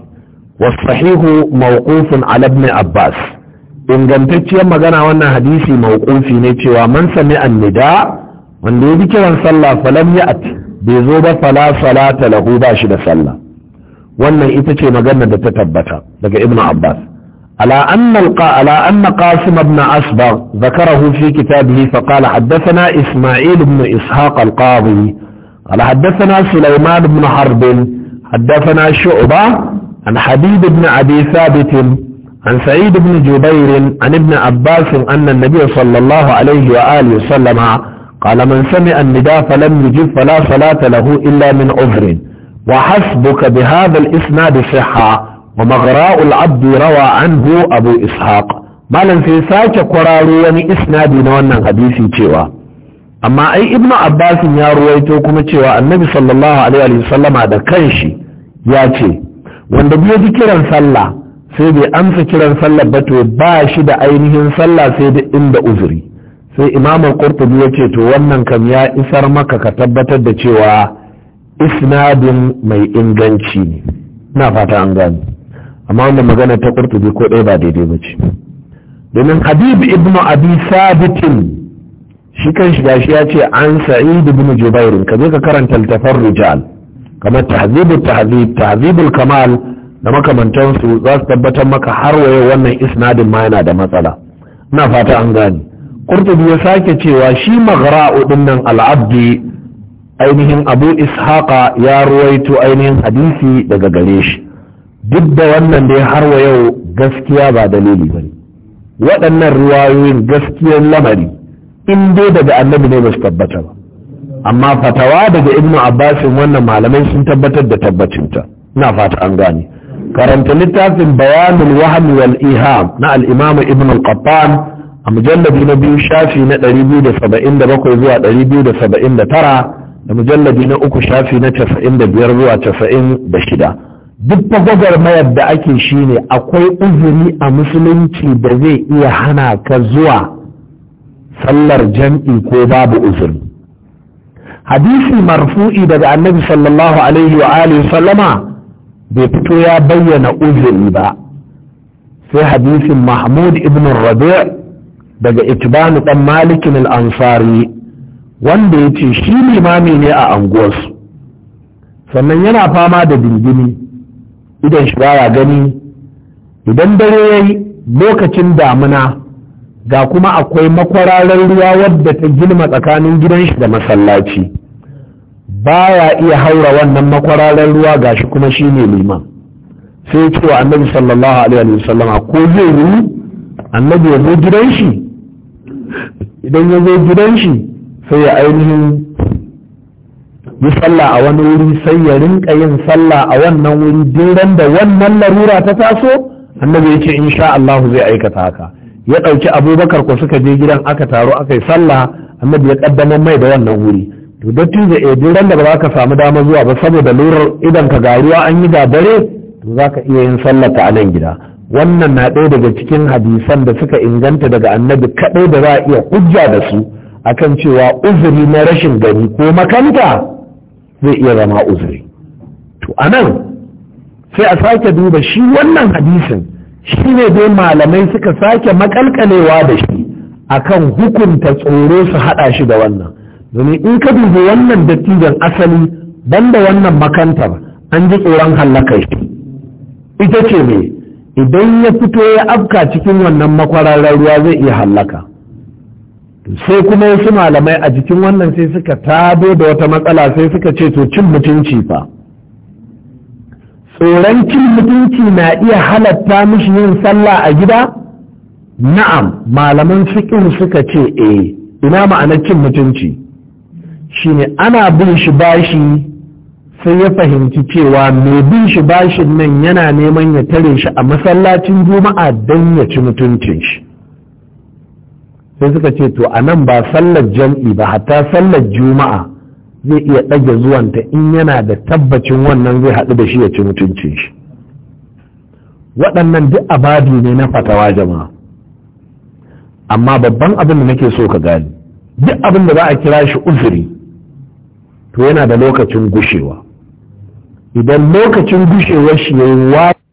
wasahihu mawqufun ala ibn abbas ingantacciyar magana wannan hadisi mawqufi ne cewa man sami annida wanda ya bi kiran sallah falam ya'at bai zo ba fala salata lahu ba shi da sallah wannan ita ce maganar da ta tabbata daga ibn abbas على أن على أن قاسم بن أصبغ ذكره في كتابه فقال حدثنا إسماعيل بن إسحاق القاضي قال حدثنا سليمان بن حرب حدثنا شعبة عن حبيب بن أبي ثابت عن سعيد بن جبير عن ابن عباس أن النبي صلى الله عليه وآله وسلم قال من سمع النداء فلم يجب فلا صلاة له إلا من عذر وحسبك بهذا الإسناد صحة ومغراء العبد روى عنه أبو إسحاق malam في sake kwararo يعني isnadi na wannan حديثي cewa أما أي ابن عباس يا رويتوكم kuma النبي صلى الله عليه وسلم هذا كنشي ياتي wanda bai ji kiran sallah sai bai amsa kiran sallah ba to ba shi da ainihin sallah sai da inda uzuri sai imam qurtubi ya ce to wannan kam ya isar maka ka tabbatar da cewa isnadin mai inganci ne na fata an gani amma wannan magana ta qurtubi ko ɗaya ba daidai ba ce domin habib ibnu abi sabitin shi kan shiga shi ya ce an sa'id ibn jubair ka je ka karanta littafin rijal kamar tahzibul tahzib tahzibul kamal da makamantansu za su tabbatar maka har waye wannan isnadin ma yana da matsala ina fata an gane qurtubi ya sake cewa shi maghra'u dinnan al ainihin abu ishaqa ya ruwaito ainihin hadisi daga gare shi duk da wannan dai har wa yau gaskiya ba dalili bane waɗannan ruwayoyin gaskiyar lamari in dai daga annabi ne ba su tabbata ba amma fatawa daga ibnu abbasin wannan malamai sun tabbatar da tabbacinta na fata an gane karanta littafin bayanul wahm wal iham na al-imam ibn al-qattan a mujallabi na biyu shafi na 277 zuwa 279 da mujallabi na uku shafi na 95 zuwa 96 duk fagwagar mayar da ake shine akwai uzuri a musulunci da zai iya hana ka zuwa sallar jam'i ko babu uzuri hadisi marfu'i daga annabi sallallahu alaihi wa alihi sallama bai fito ya bayyana uzuri ba sai hadisin mahmud ibn rabi' daga itibanu dan malikin al-ansari wanda ya ce shi limami ne a anguwarsu sannan yana fama da dingini idan shi baya gani idan dare yayi lokacin damuna ga kuma akwai makwararar ruwa wadda ta gilma tsakanin gidan shi da masallaci baya iya haura wannan makwararar ruwa ga shi kuma shi ne liman sai ce annabi sallallahu alaihi wasallam ko zai yi annabi ya zo gidan shi idan ya zo gidan shi sai ya ainihin yi sallah a wani wuri sai ya rinka yin sallah a wannan wuri diran da wannan larura ta taso annabi ya ce insha Allah zai aikata haka ya ɗauki abubakar ko suka je gidan aka taro aka yi sallah annabi ya ƙaddamar mai da wannan wuri to dattijo eh duk ran da ba za ka samu dama zuwa ba saboda lurar idan ka garuwa an yi da dare to za ka iya yin sallah ta a nan gida wannan na ɗaya daga cikin hadisan da suka inganta daga annabi kaɗai da za a iya hujja da su akan cewa uzuri na rashin gani ko makanta zai iya zama uzuri to anan sai a sake duba shi wannan hadisin shi ne dai malamai suka sake makalkalewa da shi akan hukunta tsoro su haɗa shi da wannan domin in ka dubi wannan dattijan asali banda wannan makantar an ji tsoron hallaka shi ita ce me idan ya fito ya afka cikin wannan makwararar ruwa zai iya hallaka sai kuma wasu malamai a jikin wannan sai suka tado da wata matsala sai suka ce to cin mutunci fa tsoron cin mutunci na iya halatta mishi yin sallah a gida na'am malaman fikin suka ce eh ina ma'anar cin mutunci Shin ana bin shi bashi sai ya fahimci cewa mai bin shi bashin nan yana neman ya tare shi a masallacin juma'a don ya ci mutuncin shi sai suka ce to a nan ba sallar jam'i ba hatta sallar juma'a zai iya ɗage zuwanta in yana da tabbacin wannan zai haɗu da shi ya ci mutuncin shi waɗannan duk abadi ne na fatawa jama'a amma babban abin da nake so ka gani duk abin da za a kira shi uzuri to yana da lokacin gushewa idan lokacin gushewar shi ya yi